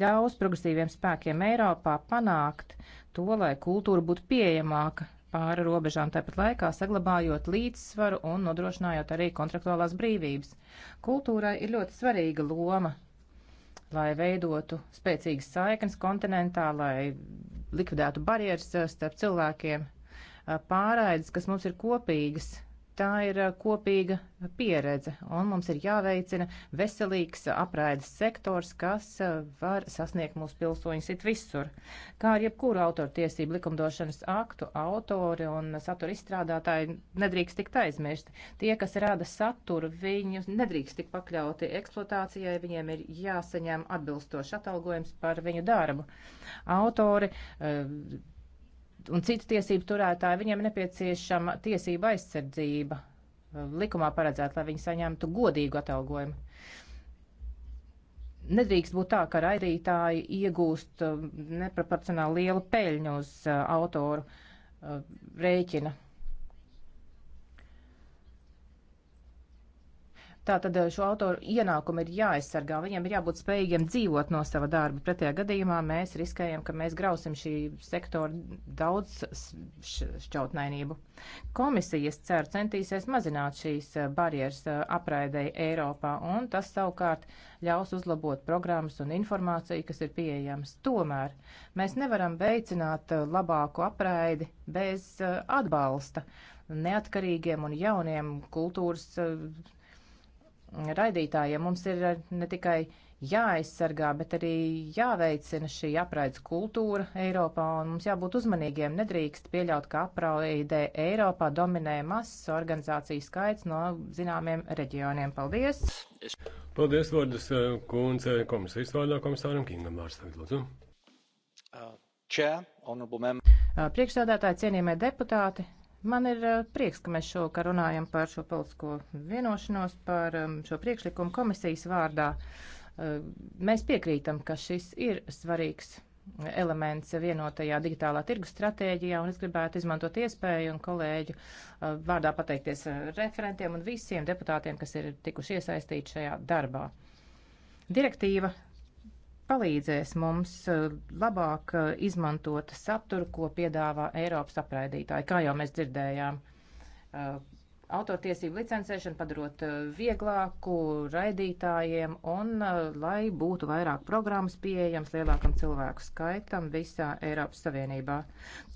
ļaus progresīviem spēkiem Eiropā panākt to, lai kultūra būtu pieejamāka pāri robežām, tāpat laikā saglabājot līdzsvaru un nodrošinājot arī kontraktuālās brīvības. Kultūrai ir ļoti svarīga loma, lai veidotu spēcīgas saiknes kontinentā, lai likvidētu barjeras uh, starp cilvēkiem, uh, pārraides, kas mums ir kopīgas, Tā ir kopīga pieredze, un mums ir jāveicina veselīgs apraides sektors, kas var sasniegt mūsu pilsoņus it visur. Kā ar jebkuru autortiesību likumdošanas aktu, autori un satura izstrādātāji nedrīkst tikt aizmirsti. Tie, kas rada saturu, viņus nedrīkst tikt pakļauti eksploatācijai, viņiem ir jāsaņem atbilstoši atalgojums par viņu darbu. Autori, un citu tiesību turētāji, viņiem nepieciešama tiesība aizsardzība eh, likumā paredzēt, lai viņi saņemtu godīgu atalgojumu. Nedrīkst būt tā, ka raidītāji iegūst eh, neproporcionāli lielu peļņu uz eh, autoru rēķina. Tātad eh, šo autoru ienākumu ir jāaizsargā, viņiem ir jābūt spējīgiem dzīvot no sava darba. Pretējā gadījumā mēs riskējam, ka mēs grausim šī sektora daudz šķautnainību. Komisijas ceru centīsies mazināt šīs eh, barjeras eh, apraidēji Eiropā, un tas savukārt ļaus uzlabot programmas un informāciju, kas ir pieejams. Tomēr mēs nevaram veicināt labāku apraidi bez atbalsta neatkarīgiem un jauniem kultūras raidītājiem. Mums ir eh, ne tikai jāaizsargā, bet arī jāveicina šī apraides kultūra Eiropā, un mums jābūt uzmanīgiem. Nedrīkst pieļaut, ka apraide Eiropā dominē mazs organizāciju skaits no zināmiem reģioniem. Paldies! Paldies, Vārdas eh, kundze, komisijas vārdā komisāram Kingam Vārstāk, lūdzu. Uh, uh, priekšsēdētāji, cienījamie deputāti, Man ir eh, prieks, ka mēs šovakar runājam par šo politisko vienošanos, par um, šo priekšlikumu komisijas vārdā. Eh, mēs piekrītam, ka šis ir svarīgs elements vienotajā digitālā tirgus stratēģijā, un es gribētu izmantot iespēju un kolēģu eh, vārdā pateikties referentiem un visiem deputātiem, kas ir tikuši iesaistīti šajā darbā. Direktīva palīdzēs mums eh, labāk eh, izmantot saturu, ko piedāvā Eiropas apraidītāji, kā jau mēs dzirdējām. Eh, autortiesību licencēšanu padarot eh, vieglāku raidītājiem un eh, lai būtu vairāk programmas pieejams lielākam cilvēku skaitam visā Eiropas Savienībā.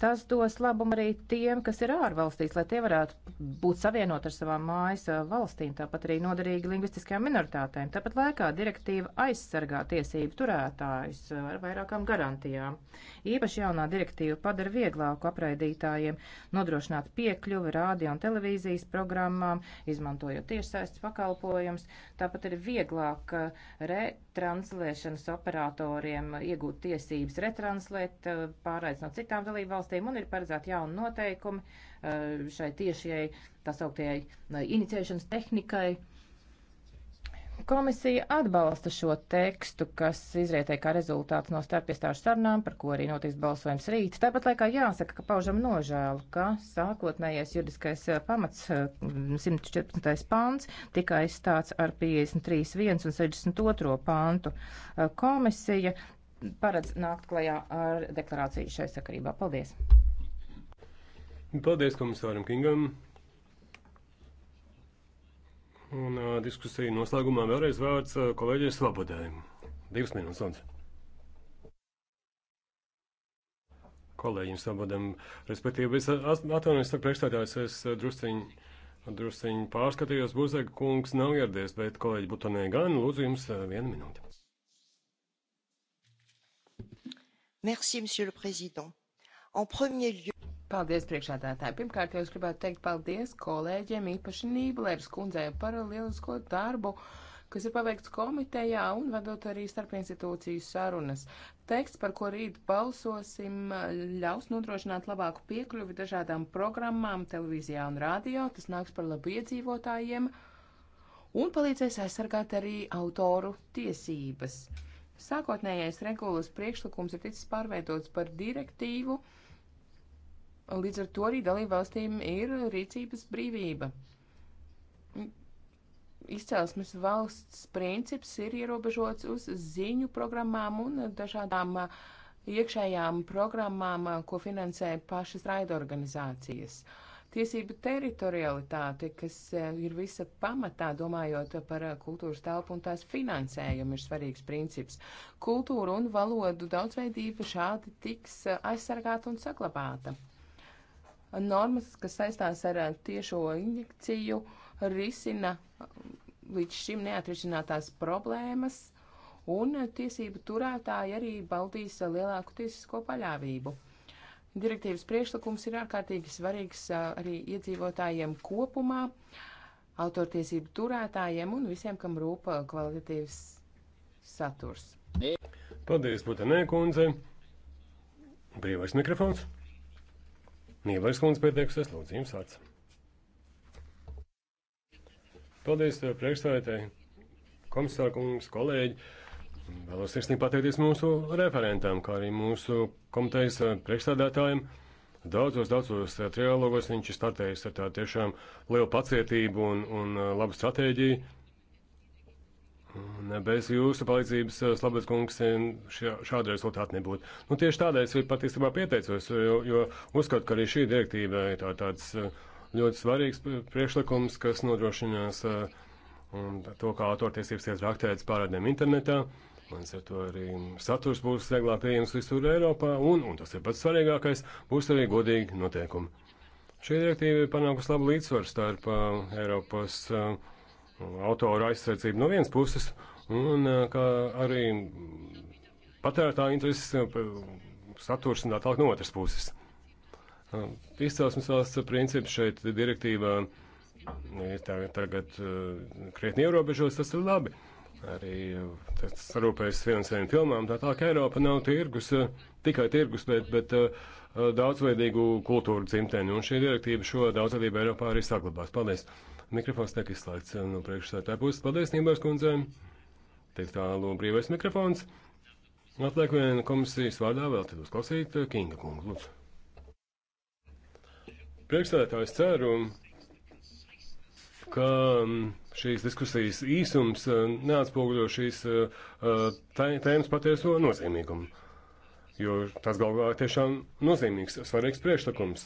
Tas dos labumu arī tiem, kas ir ārvalstīs, lai tie varētu būt savienot ar savām mājas eh, valstīm, tāpat arī noderīgi lingvistiskajām minoritātēm. Tāpat laikā direktīva aizsargā tiesību turētājus ar vairākām garantijām. Īpaši jaunā direktīva padara vieglāku apraidītājiem nodrošināt piekļuvi radio un televīzijas programmām programmām, izmantojot tiešsaistes pakalpojumus. Tāpat ir vieglāk eh, retranslēšanas operatoriem iegūt tiesības retranslēt eh, pārraides no citām dalību valstīm un ir paredzēti jauni noteikumi eh, šai tiešajai, tā sauktējai, inicēšanas tehnikai Komisija atbalsta šo tekstu, kas izrietē kā rezultāts no starpiestāžu sarunām, par ko arī notiks balsojums rīt. Tāpat laikā jāsaka, ka paužam nožēlu, ka sākotnējais juridiskais eh, pamats 114. Eh, pāns tika aizstāts ar 53.1 un 62. pāntu. Eh, komisija paredz nākt klajā ar deklarāciju šai sakarībā. Paldies! Paldies komisāram Kingam! Un uh, diskusija noslēgumā vēlreiz vārds uh, kolēģiem Svabodēm. Divas minūtes, lūdzu. Kolēģiem Svabodēm, respektīvi, es atvainojos, ka priekšstādājos, es drusciņi, drusciņi pārskatījos, Buzega kungs nav ieradies, bet kolēģi Butonē gan, lūdzu jums uh, vienu minūti. Merci, monsieur le président. En premier lieu... Paldies, priekšādātāji. Pirmkārt, jau es gribētu teikt paldies kolēģiem, īpaši Nībleres kundzei par lielisko darbu, kas ir paveikts komitejā un vedot arī starp institūciju sarunas. Teksts, par ko rīt balsosim, ļaus nodrošināt labāku piekļuvi dažādām programmām televīzijā un rādio. Tas nāks par labu iedzīvotājiem un palīdzēs aizsargāt arī autoru tiesības. Sākotnējais regulas priekšlikums ir ticis pārveidots par direktīvu Līdz ar to arī dalībvalstīm ir rīcības brīvība. Izcelsmes valsts princips ir ierobežots uz ziņu programmām un dažādām uh, iekšējām programmām, uh, ko finansē pašas raidorganizācijas. Tiesība teritorialitāte, kas uh, ir visa pamatā, domājot par kultūras telpu un tās finansējumu, ir svarīgs princips. Kultūra un valodu daudzveidība šādi tiks aizsargāta un saglabāta normas, kas saistās ar tiešo injekciju, risina um, līdz šim neatrisinātās problēmas, un tiesību turētāji arī baudīs lielāku tiesisko paļāvību. Direktīvas priekšlikums ir ārkārtīgi svarīgs uh, arī iedzīvotājiem kopumā, autortiesību turētājiem un visiem, kam rūp uh, kvalitatīvs saturs. Paldies, Putenē kundze! Brīvais mikrofons! Nīlērs kundze pieteikusies, lūdzu, jums vārds. Paldies eh, priekšstādētāji, komisāra kungs, kolēģi. Vēlos sirsnīgi pateikties mūsu referentām, kā arī mūsu komitejas eh, priekšstādētājiem. Daudzos, daudzos eh, trialogos viņš ir startējis ar tā tiešām lielu pacietību un, un labu stratēģiju Un eh, bez jūsu palīdzības, eh, Slabais kungs, eh, šāda rezultāta nebūtu. Nu, tieši tādēļ es patiesībā pieteicos, jo, jo uzskatu, ka arī šī direktīva ir tā, tāds ļoti svarīgs priekšlikums, kas nodrošinās un, to, kā autortiesības tiek traktētas pārādēm internetā. Mans ar to arī saturs būs vieglāk pieejams visur Eiropā, un, un tas ir pats svarīgākais, būs arī godīgi noteikumi. Šī direktīva ir panākusi labu līdzsvaru starp uh, Eiropas uh, autora aizsardzību no vienas puses, un eh, kā arī patērētāja intereses eh, saturs un tā tālāk no otras puses. Eh, izcelsmes valsts princips šeit direktīvā ir tā, tagad krietni ierobežots, tas ir labi. Arī tas sarūpējas finansējumu filmām, tā tālāk Eiropa nav tirgus, tikai tirgus, bet, bet daudzveidīgu kultūru dzimteni, un šī direktīva šo daudzveidību Eiropā arī saglabās. Paldies! Mikrofons tiek izslēgts eh, no priekšsētāja puses. Paldies, Nībārs kundze. Tiek tālu brīvais mikrofons. Atliek vien komisijas vārdā vēl tad uzklausīt eh, Kinga kungu, lūdzu. Priekšsētājs ceru, ka mm, šīs diskusijas īsums eh, neatspoguļo šīs tēmas patieso nozīmīgumu, jo tas galvā tiešām nozīmīgs, svarīgs priekšlikums.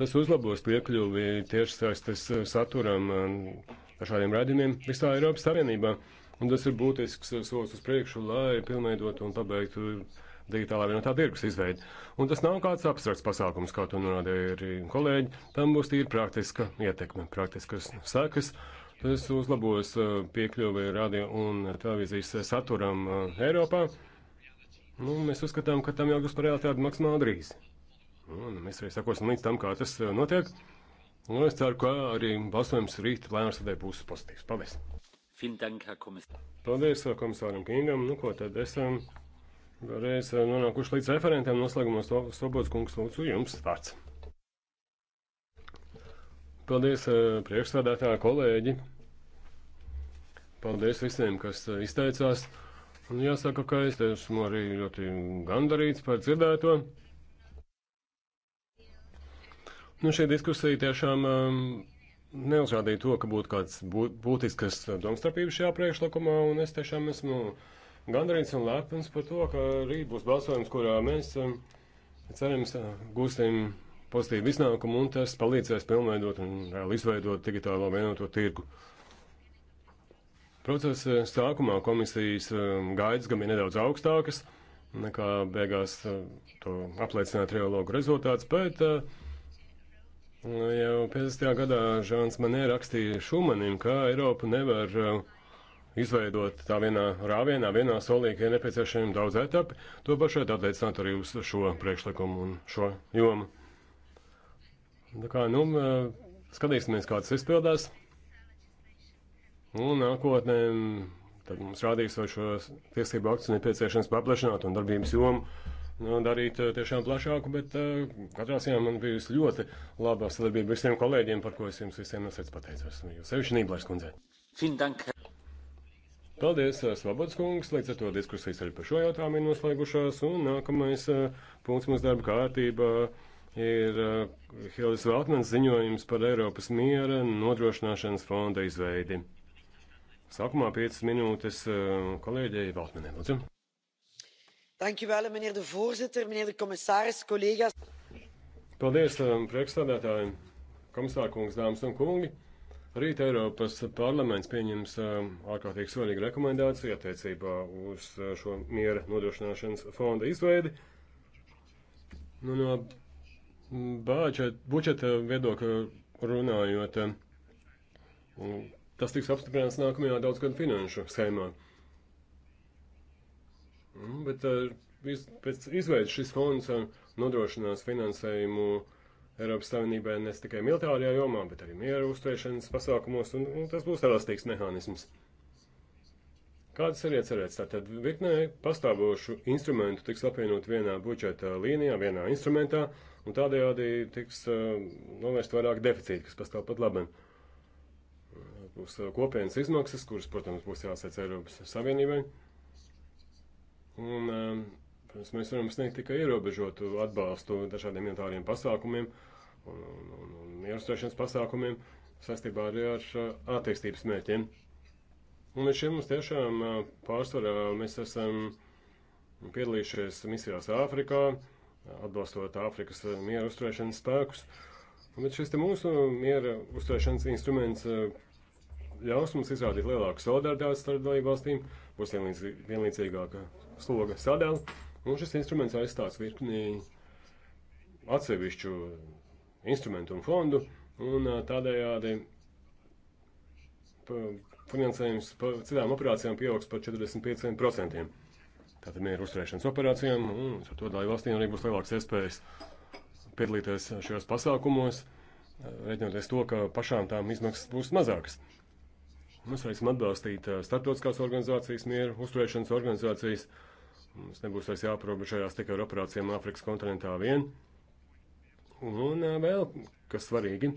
Tas uzlabos piekļuvi tiešsaistes eh, saturam eh, ar šādiem rādījumiem visā Eiropas Savienībā. Un tas ir būtisks eh, solis uz priekšu, lai pilnveidotu un pabeigtu digitālā vienotā tirgus izveidi. Un tas nav kāds abstrakts pasākums, kā to norādīja arī kolēģi. Tam būs tīri praktiska ietekme, praktiskas sekas. Tas uzlabos piekļuvi radio un televīzijas saturam Eiropā. Nu, mēs uzskatām, ka tam jākļūst par realitāti maksimāli drīz. Un mēs arī sakosim līdz tam, kā tas eh, notiek. Un es ceru, ka arī balsojums rīt plēnārsēdē būs pozitīvs. Paldies! Paldies eh, komisāram Kingam. Nu, ko tad esam eh, vēlreiz nonākuši līdz referentiem. Noslēgumā Sobots kungs lūdzu jums vārds. Paldies priekšstādātāji kolēģi. Paldies visiem, kas izteicās. Un jāsaka, ka es esmu arī ļoti gandarīts par dzirdēto. Nu, šī diskusija tiešām um, neuzrādīja to, ka būtu kāds būtisks domstarpības šajā priekšlikumā, un es tiešām esmu gandarīts un lepns par to, ka rīt būs balsojums, kurā mēs um, cerams gūsim pozitīvu iznākumu, un tas palīdzēs pilnveidot un reāli izveidot digitālo vienoto tirgu. Procesa eh, sākumā komisijas um, gaidas gan bija nedaudz augstākas, nekā beigās eh, to apliecināja trialogu rezultāts, bet uh, Jau 50. gadā Žāns Manē rakstīja Šumanim, ka Eiropu nevar uh, izveidot tā vienā rāvienā, vienā solī, ka ir nepieciešami daudz etapi. To pašai attiecināt arī uz šo priekšlikumu un šo jomu. Tā kā, nu, uh, skatīsimies, kā tas izpildās. Un nākotnē tad mums rādīs, vai šo tiesību aktu nepieciešams paplašināt un darbības jomu nu, darīt eh, tiešām plašāku, bet eh, katrā ziņā man bijusi ļoti labā sadarbība visiem kolēģiem, par ko es jums visiem nesēc pateicos. Nu, Jūs sevišķi Nīblērs kundze. Paldies, eh, Svabots kungs. Līdz ar to diskusijas arī par šo jautājumu ir noslēgušās. Un nākamais punkts mūsu darba kārtībā ir Hilis Veltmans ziņojums par Eiropas miera nodrošināšanas fonda izveidi. Sākumā 5 minūtes kolēģei Veltmanē. Lūdzu mijnheer de voorzitter mijnheer de commissaris collega's. Paldies eh, priekšstādātājiem, komisārkungs, dāmas un kungi. Rīt Eiropas parlaments pieņems eh, ārkārtīgi svarīgu rekomendāciju attiecībā uz eh, šo miera nodrošināšanas fonda izveidi. Nu, no bāčet, budžeta viedokļa runājot, tas tiks apstiprināts nākamajā daudzgadu finanšu schēmā. Mm, bet iz, pēc izveidas šis fonds nodrošinās finansējumu Eiropas Savienībai ne tikai militārajā jomā, bet arī miera uzturēšanas pasākumos, un, un tas būs elastīgs mehānisms. Kādas ir iecerētas? Tātad virknē pastāvošu instrumentu tiks apvienot vienā budžeta līnijā, vienā instrumentā, un tādējādi tiks uh, novērst vairāk deficīti, kas pastāv pat labam. Būs uh, kopienas izmaksas, kuras, protams, būs jāsēc Eiropas Savienībai. Uh, Un, eh, protams, mēs varam sniegt tikai ierobežotu atbalstu dažādiem militāriem pasākumiem un, un, un, un ierostošanas pasākumiem saistībā arī ar eh, attīstības mērķiem. Un līdz šim mums tiešām eh, pārsvarā mēs esam piedalījušies misijās Āfrikā, atbalstot Āfrikas miera uzturēšanas spēkus. Bet šis mūsu miera uzturēšanas instruments ļaus mums izrādīt lielāku solidaritāti starp dalību valstīm, būs vienlīdz, vienlīdzīgāka sloga sadali, un šis instruments aizstās virkni atsevišķu instrumentu un fondu, un tādējādi finansējums citām operācijām pieaugs par 45%. Tātad mieru uzturēšanas operācijām, un ar to dalību valstīm arī būs lielāks iespējas piedalīties šajos pasākumos, reiķinoties to, ka pašām tām izmaksas būs mazākas. Mēs varēsim atbalstīt starptautiskās organizācijas, mieru uzturēšanas organizācijas, uh, Mums nebūs vairs jāaprobežojās tikai ar operācijām Āfrikas kontinentā vien. Un vēl, kas svarīgi,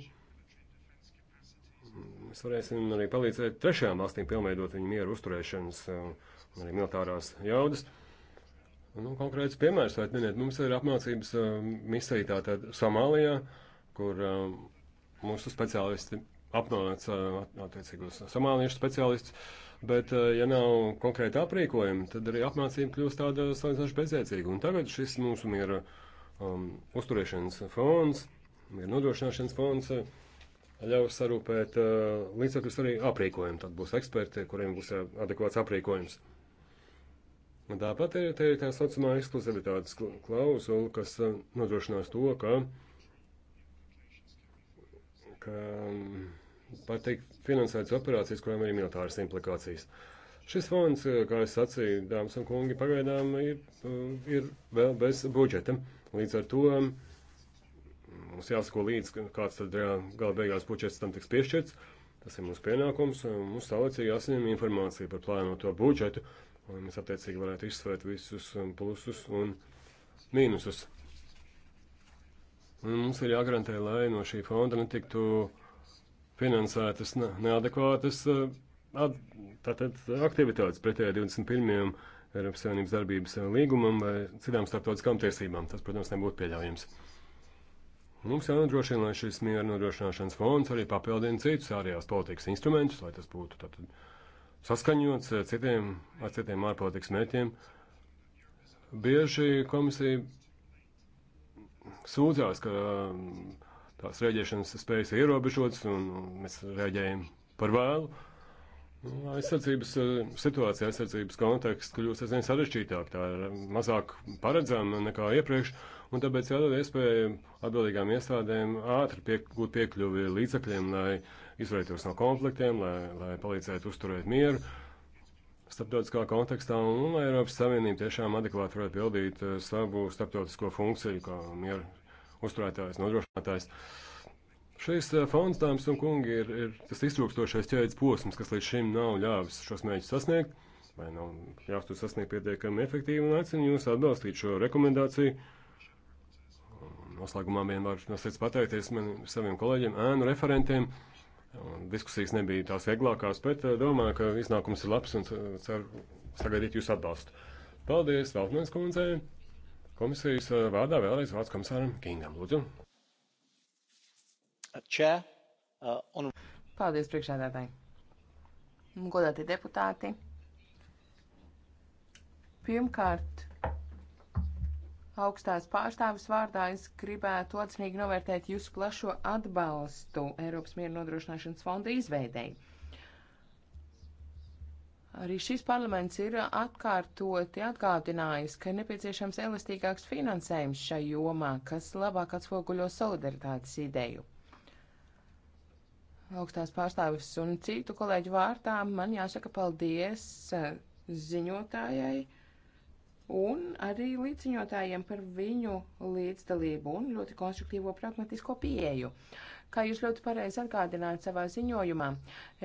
mēs varēsim arī palīdzēt trešajām valstīm pilnveidot viņu mieru uzturēšanas un arī militārās jaudas. Nu, konkrēts piemērs, vai minēt, mums ir apmācības misija tātad Somālijā, kur mūsu speciālisti apmāca attiecīgos somāliešu speciālistus bet, eh, ja nav konkrēta aprīkojuma, tad arī apmācība kļūst tāda salīdzinoši bezjēdzīga. Un tagad šis mūsu miera um, uzturēšanas fonds, miera nodrošināšanas fonds eh, ļaus sarūpēt uh, līdzekļus arī aprīkojumu. Tad būs eksperti, kuriem būs uh, adekvāts aprīkojums. Un tāpat ir, ir tā saucamā ekskluzivitātes klauzula, kas uh, nodrošinās to, ka, ka um, var teikt, finansētas operācijas, kurām ir militāras implikācijas. Šis fonds, eh, kā es sacīju, dāmas un kungi, pagaidām ir, eh, ir vēl bez budžeta. Līdz ar to mm, mums jāsako līdz, kāds tad gala beigās budžets tam tiks piešķirts. Tas ir mūsu pienākums. Mums tālēcīgi jāsaņem informācija par plānoto budžetu, un mēs attiecīgi varētu izsvērt visus mm, plusus un mīnusus. Un mums ir jāgarantē, lai no šī fonda netiktu. Uh, finansētas neadekvātas eh, tātad, aktivitātes pretēji 21. Eiropas Savienības darbības eh, līgumam vai citām starptautiskām tiesībām. Tas, protams, nebūtu pieļaujams. Mums jānodrošina, lai šis miera nodrošināšanas fonds arī papildina citus ārējās politikas instrumentus, lai tas būtu tātad, saskaņots eh, citiem, ar citiem ārpolitikas mērķiem. Bieži komisija sūdzās, ka uh, tās rēģēšanas spējas ir ierobežotas, un mēs rēģējam par vēlu. Nu, aizsardzības eh, situācija, aizsardzības konteksts kļūst aizvien sarežģītāk, tā ir mazāk paredzama nekā iepriekš, un tāpēc jādod iespēja atbildīgām iestādēm ātri piek, gūt piekļuvi līdzakļiem, lai izvairītos no konfliktiem, lai, lai palīdzētu uzturēt mieru starptautiskā kontekstā, un, un lai Eiropas Savienība tiešām adekvāti varētu pildīt eh, savu starptautisko funkciju, kā mieru uzturētājs, nodrošinātājs. Šis eh, fonds, dāmas un kungi, ir, ir tas iztrūkstošais ķēdes posms, kas līdz šim nav ļāvis šos mērķus sasniegt, vai nav ļāvis to sasniegt pietiekami efektīvi, un aicinu jūs atbalstīt šo rekomendāciju. Noslēgumā vien varu no sirds pateikties maniem saviem kolēģiem, ēnu referentiem. Diskusijas nebija tās vieglākās, bet eh, domāju, ka iznākums ir labs un eh, ceru sagaidīt jūsu atbalstu. Paldies, Veltmēns kundzei! Komisijas eh, vārdā vēlreiz vārds komisāram Kingam. Lūdzu. Čē, uh, un... Uh, Paldies, priekšādātāji. Godāti deputāti. Pirmkārt, augstās pārstāvis vārdā es gribētu atzinīgi novērtēt jūsu plašo atbalstu Eiropas mieru nodrošināšanas fonda izveidēji. Arī šis parlaments ir atkārtoti atgādinājis, ka ir nepieciešams elastīgāks finansējums šai jomā, kas labāk atspoguļo solidaritātes ideju. Augstās pārstāvis un citu kolēģu vārtā man jāsaka paldies eh, ziņotājai un arī līdziņotājiem par viņu līdzdalību un ļoti konstruktīvo pragmatisko pieeju. Uh, Kā jūs ļoti pareizi atgādināt savā ziņojumā,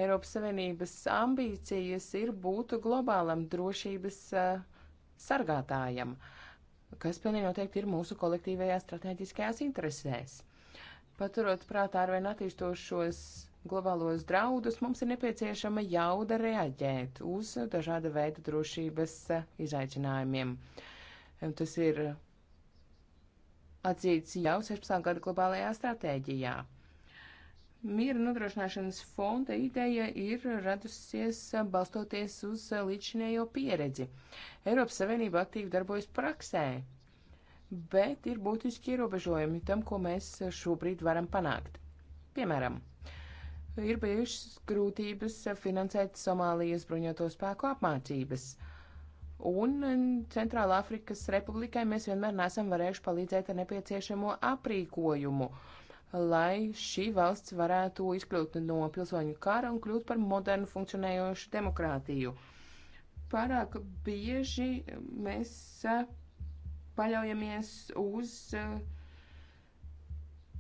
Eiropas Savienības ambīcijas ir būt globālam drošības uh, sargātājam, kas pilnīgi noteikti ir mūsu kolektīvajās strateģiskajās interesēs. Paturot prātā arvien attīstošos globālos draudus, mums ir nepieciešama jauda reaģēt uz dažāda veida drošības eh, izaicinājumiem. Tas ir atzīts jau 16. gada globālajā stratēģijā. Mīra nodrošināšanas fonda ideja ir radusies balstoties uz līdzinējo pieredzi. Eiropas Savienība aktīvi darbojas praksē, bet ir būtiski ierobežojumi tam, ko mēs šobrīd varam panākt. Piemēram, ir bijušas grūtības finansēt Somālijas bruņoto spēku apmācības. Un Centrālā Afrikas Republikai mēs vienmēr nesam varējuši palīdzēt ar nepieciešamo aprīkojumu. Uh, lai šī valsts varētu izkļūt no pilsoņu kara un kļūt par modernu funkcionējošu demokrātiju. Pārāk bieži mēs eh, paļaujamies uz eh,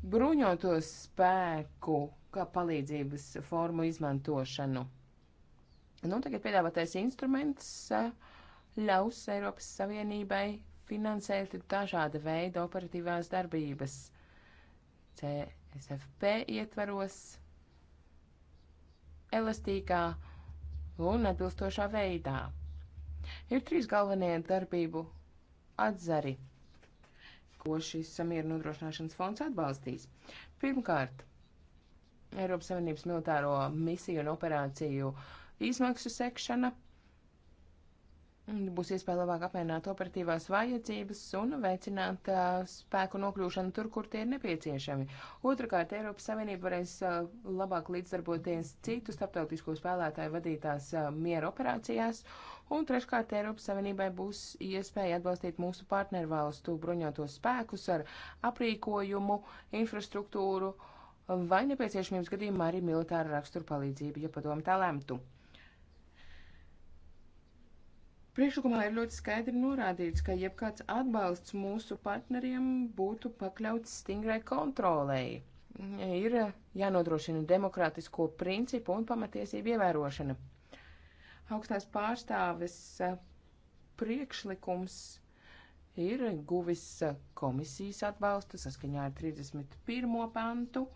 bruņoto spēku kā palīdzības formu izmantošanu. Nu, tagad piedāvātais instruments eh, ļaus Eiropas Savienībai finansēt dažāda veida operatīvās darbības. CSFP ietvaros elastīgā un atbilstošā veidā. Ir trīs galvenie darbību atzari, ko šis samieru nodrošināšanas fonds atbalstīs. Pirmkārt, Eiropas Savienības militāro misiju un operāciju izmaksu sekšana – Būs iespēja labāk apmierināt operatīvās vajadzības un veicināt uh, spēku nokļūšanu tur, kur tie ir nepieciešami. Otrakārt, Eiropas Savienība varēs uh, labāk līdzdarboties citu starptautisko spēlētāju vadītās uh, miera operācijās. Un treškārt, Eiropas Savienībai būs iespēja atbalstīt mūsu partnervalstu bruņotos spēkus ar aprīkojumu, infrastruktūru vai nepieciešamības gadījumā arī militāra rakstura palīdzību, ja padomu tā lemtu. Priekšlikumā ir ļoti skaidri norādīts, ka jebkāds atbalsts mūsu partneriem būtu pakļauts stingrai kontrolēji. Ir jānodrošina demokrātisko principu un pamatiesību ievērošana. Augstās pārstāves eh, priekšlikums ir guvis eh, komisijas atbalstu saskaņā ar 31. pantu.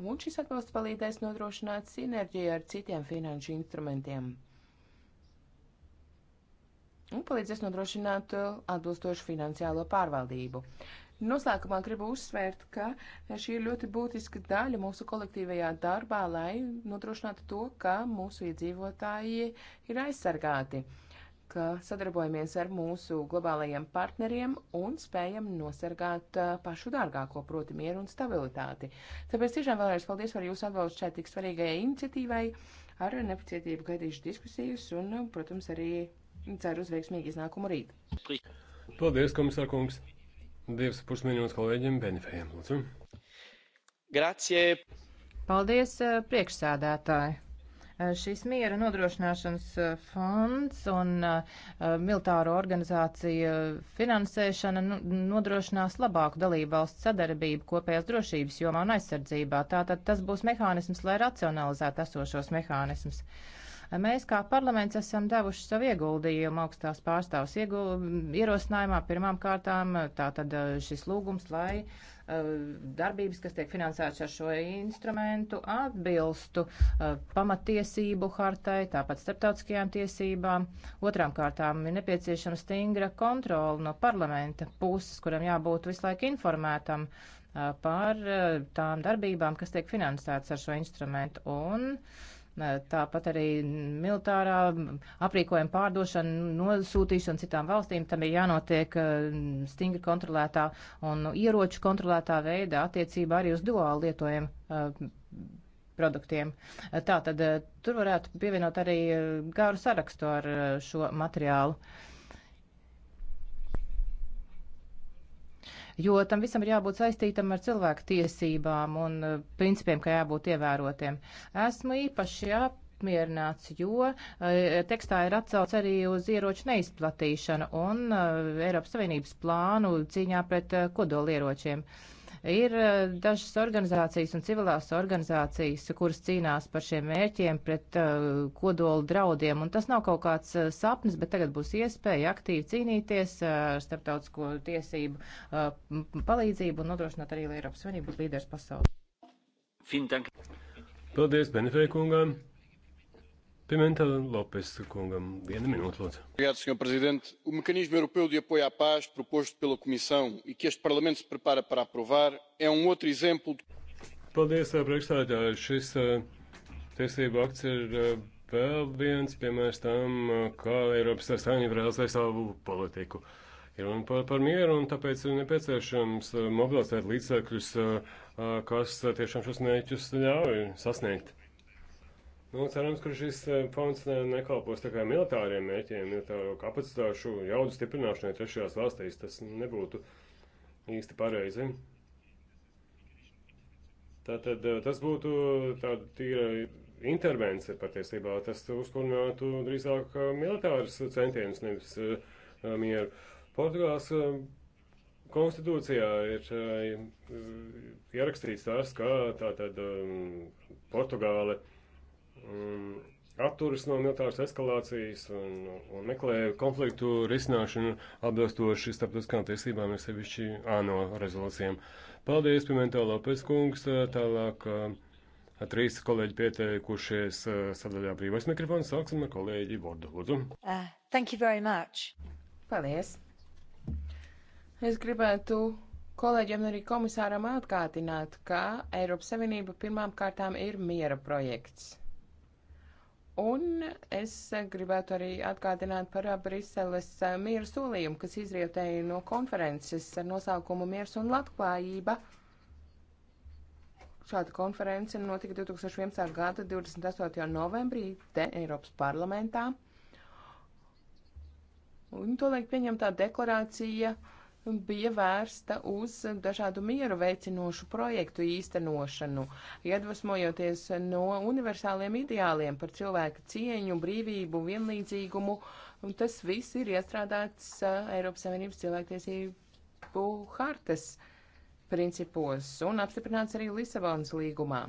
Un šis atbalsts palīdzēs nodrošināt sinerģiju ar citiem finanšu instrumentiem un palīdzēs nodrošināt uh, atbilstošu finansiālo pārvaldību. Noslēgumā gribu uzsvērt, ka uh, šī ir ļoti būtiska daļa mūsu kolektīvajā darbā, lai nodrošinātu to, ka mūsu iedzīvotāji ir aizsargāti, ka sadarbojamies ar mūsu globālajiem partneriem un spējam nosargāt uh, pašu dārgāko, proti mieru un stabilitāti. Tāpēc tiešām vēlreiz paldies par jūsu atbalstu šai tik svarīgajai iniciatīvai. Ar nepacietību gaidīšu diskusijas un, protams, arī Ceru uz veiksmīgu iznākumu rīt. Paldies, komisār kungs. Divas pusminūtes kolēģiem Benifējiem, lūdzu. Grazie. Paldies, eh, priekšsēdētāji. Eh, šis miera nodrošināšanas eh, fonds un militāro organizāciju finansēšana nu, nodrošinās labāku dalību valsts sadarbību kopējās drošības jomā un aizsardzībā. Tātad tas būs mehānisms, lai racionalizētu esošos mehānismus. Mēs kā parlaments esam devuši savu ieguldījumu augstās pārstāvs ierosinājumā pirmām kārtām eh, tātad eh, šis lūgums, lai eh, darbības, kas tiek finansētas ar šo instrumentu, atbilstu pamatiesību hartai, tāpat starptautiskajām tiesībām. Otrām kārtām ir nepieciešama stingra kontrola no parlamenta puses, kuram jābūt visu laiku informētam par tām darbībām, kas tiek finansētas ar šo instrumentu. Un, uh, Tāpat arī militārā aprīkojuma pārdošana, nosūtīšana citām valstīm, tam ir jānotiek eh, stingri kontrolētā un ieroču kontrolētā veidā attiecībā arī uz duālu lietojumu eh, produktiem. Tātad eh, tur varētu pievienot arī garu sarakstu ar šo materiālu. Uh, jo tam visam ir jābūt saistītam ar cilvēku tiesībām un eh, principiem, ka jābūt ievērotiem. Esmu īpaši apmierināts, jo eh, tekstā ir atsauc arī uz ieroču neizplatīšanu un eh, Eiropas Savienības plānu cīņā pret kodolieročiem. ieročiem. Ir e, dažas organizācijas un civilās organizācijas, kuras cīnās par šiem mērķiem pret e, kodolu draudiem, un tas nav kaut kāds e, sapnis, bet tagad būs iespēja aktīvi cīnīties ar starptautisko tiesību palīdzību un nodrošināt arī, lai Eiropas Savienība būtu līderis pasaulē. Paldies, Benefē kungām! Pimenta Lopes kungam, viena minūte, lūdzu. Obrigado, Sr. Presidente. O mecanismo europeu de apoio à paz proposto pela Comissão e que este Parlamento se prepara para aprovar é um outro exemplo. Paldies, eh, priekšstādātāji. Šis eh, tiesību akts ir eh, vēl viens piemērs tam, kā Eiropas Savienība realizē savu politiku. Ir runa par, par mieru, un tāpēc ir nepieciešams mobilizēt līdzekļus, kas tiešām šos mērķus ļauj sasniegt. Nu, cerams, ka šis eh, fonds nekalpos tikai militāriem mērķiem, militāro kapacitāšu jaudu stiprināšanai trešajās valstīs. Tas nebūtu īsti pareizi. Tātad eh, tas būtu tāda tīra intervence patiesībā. Tas uzkurinātu drīzāk eh, militārus centienus, nevis uh, mieru. Portugāls uh, konstitūcijā ir uh, ierakstīts tas, ka tātad um, Portugāle. Uh, um, atturas no militāras eskalācijas un, un meklē konfliktu risināšanu atbilstoši starptautiskām tiesībām, jo sevišķi ANO rezolūcijām. Paldies, Pimento Lopes kungs, tālāk trīs kolēģi pieteikušies sadaļā brīvais mikrofons, sāksim ar kolēģi Vordu, lūdzu. Uh, thank you very much. Paldies. Es gribētu kolēģiem un arī komisāram atgādināt, ka Eiropas Savienība pirmām kārtām ir miera projekts Un es gribētu arī atgādināt par Briseles mieru solījumu, kas izrietēja no konferences ar nosaukumu Miers un labklājība. Šāda konference notika 2011. gada 28. novembrī te Eiropas parlamentā. Un to liek pieņemtā deklarācija uh, bija vērsta uz dažādu mieru veicinošu projektu īstenošanu, iedvesmojoties no universāliem ideāliem par cilvēku cieņu, brīvību, vienlīdzīgumu, un tas viss ir iestrādāts Eiropas Savienības cilvēktiesību hartas principos un apstiprināts arī Lisabonas līgumā.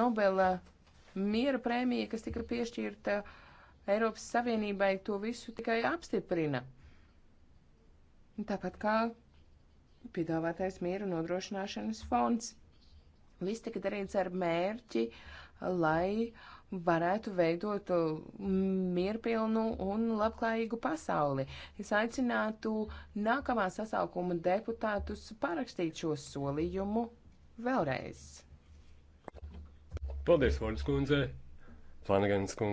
Nobela miera prēmija, kas tika piešķirta Eiropas Savienībai, to visu tikai apstiprina. Tāpat kā piedāvātais mieru nodrošināšanas fonds. Viss tika darīts ar mērķi, lai varētu veidot mm, mierpilnu un labklājīgu pasauli. Es aicinātu nākamā sasaukuma deputātus parakstīt šo solījumu vēlreiz. Paldies, Vārdas kundze! Flanagans kungs!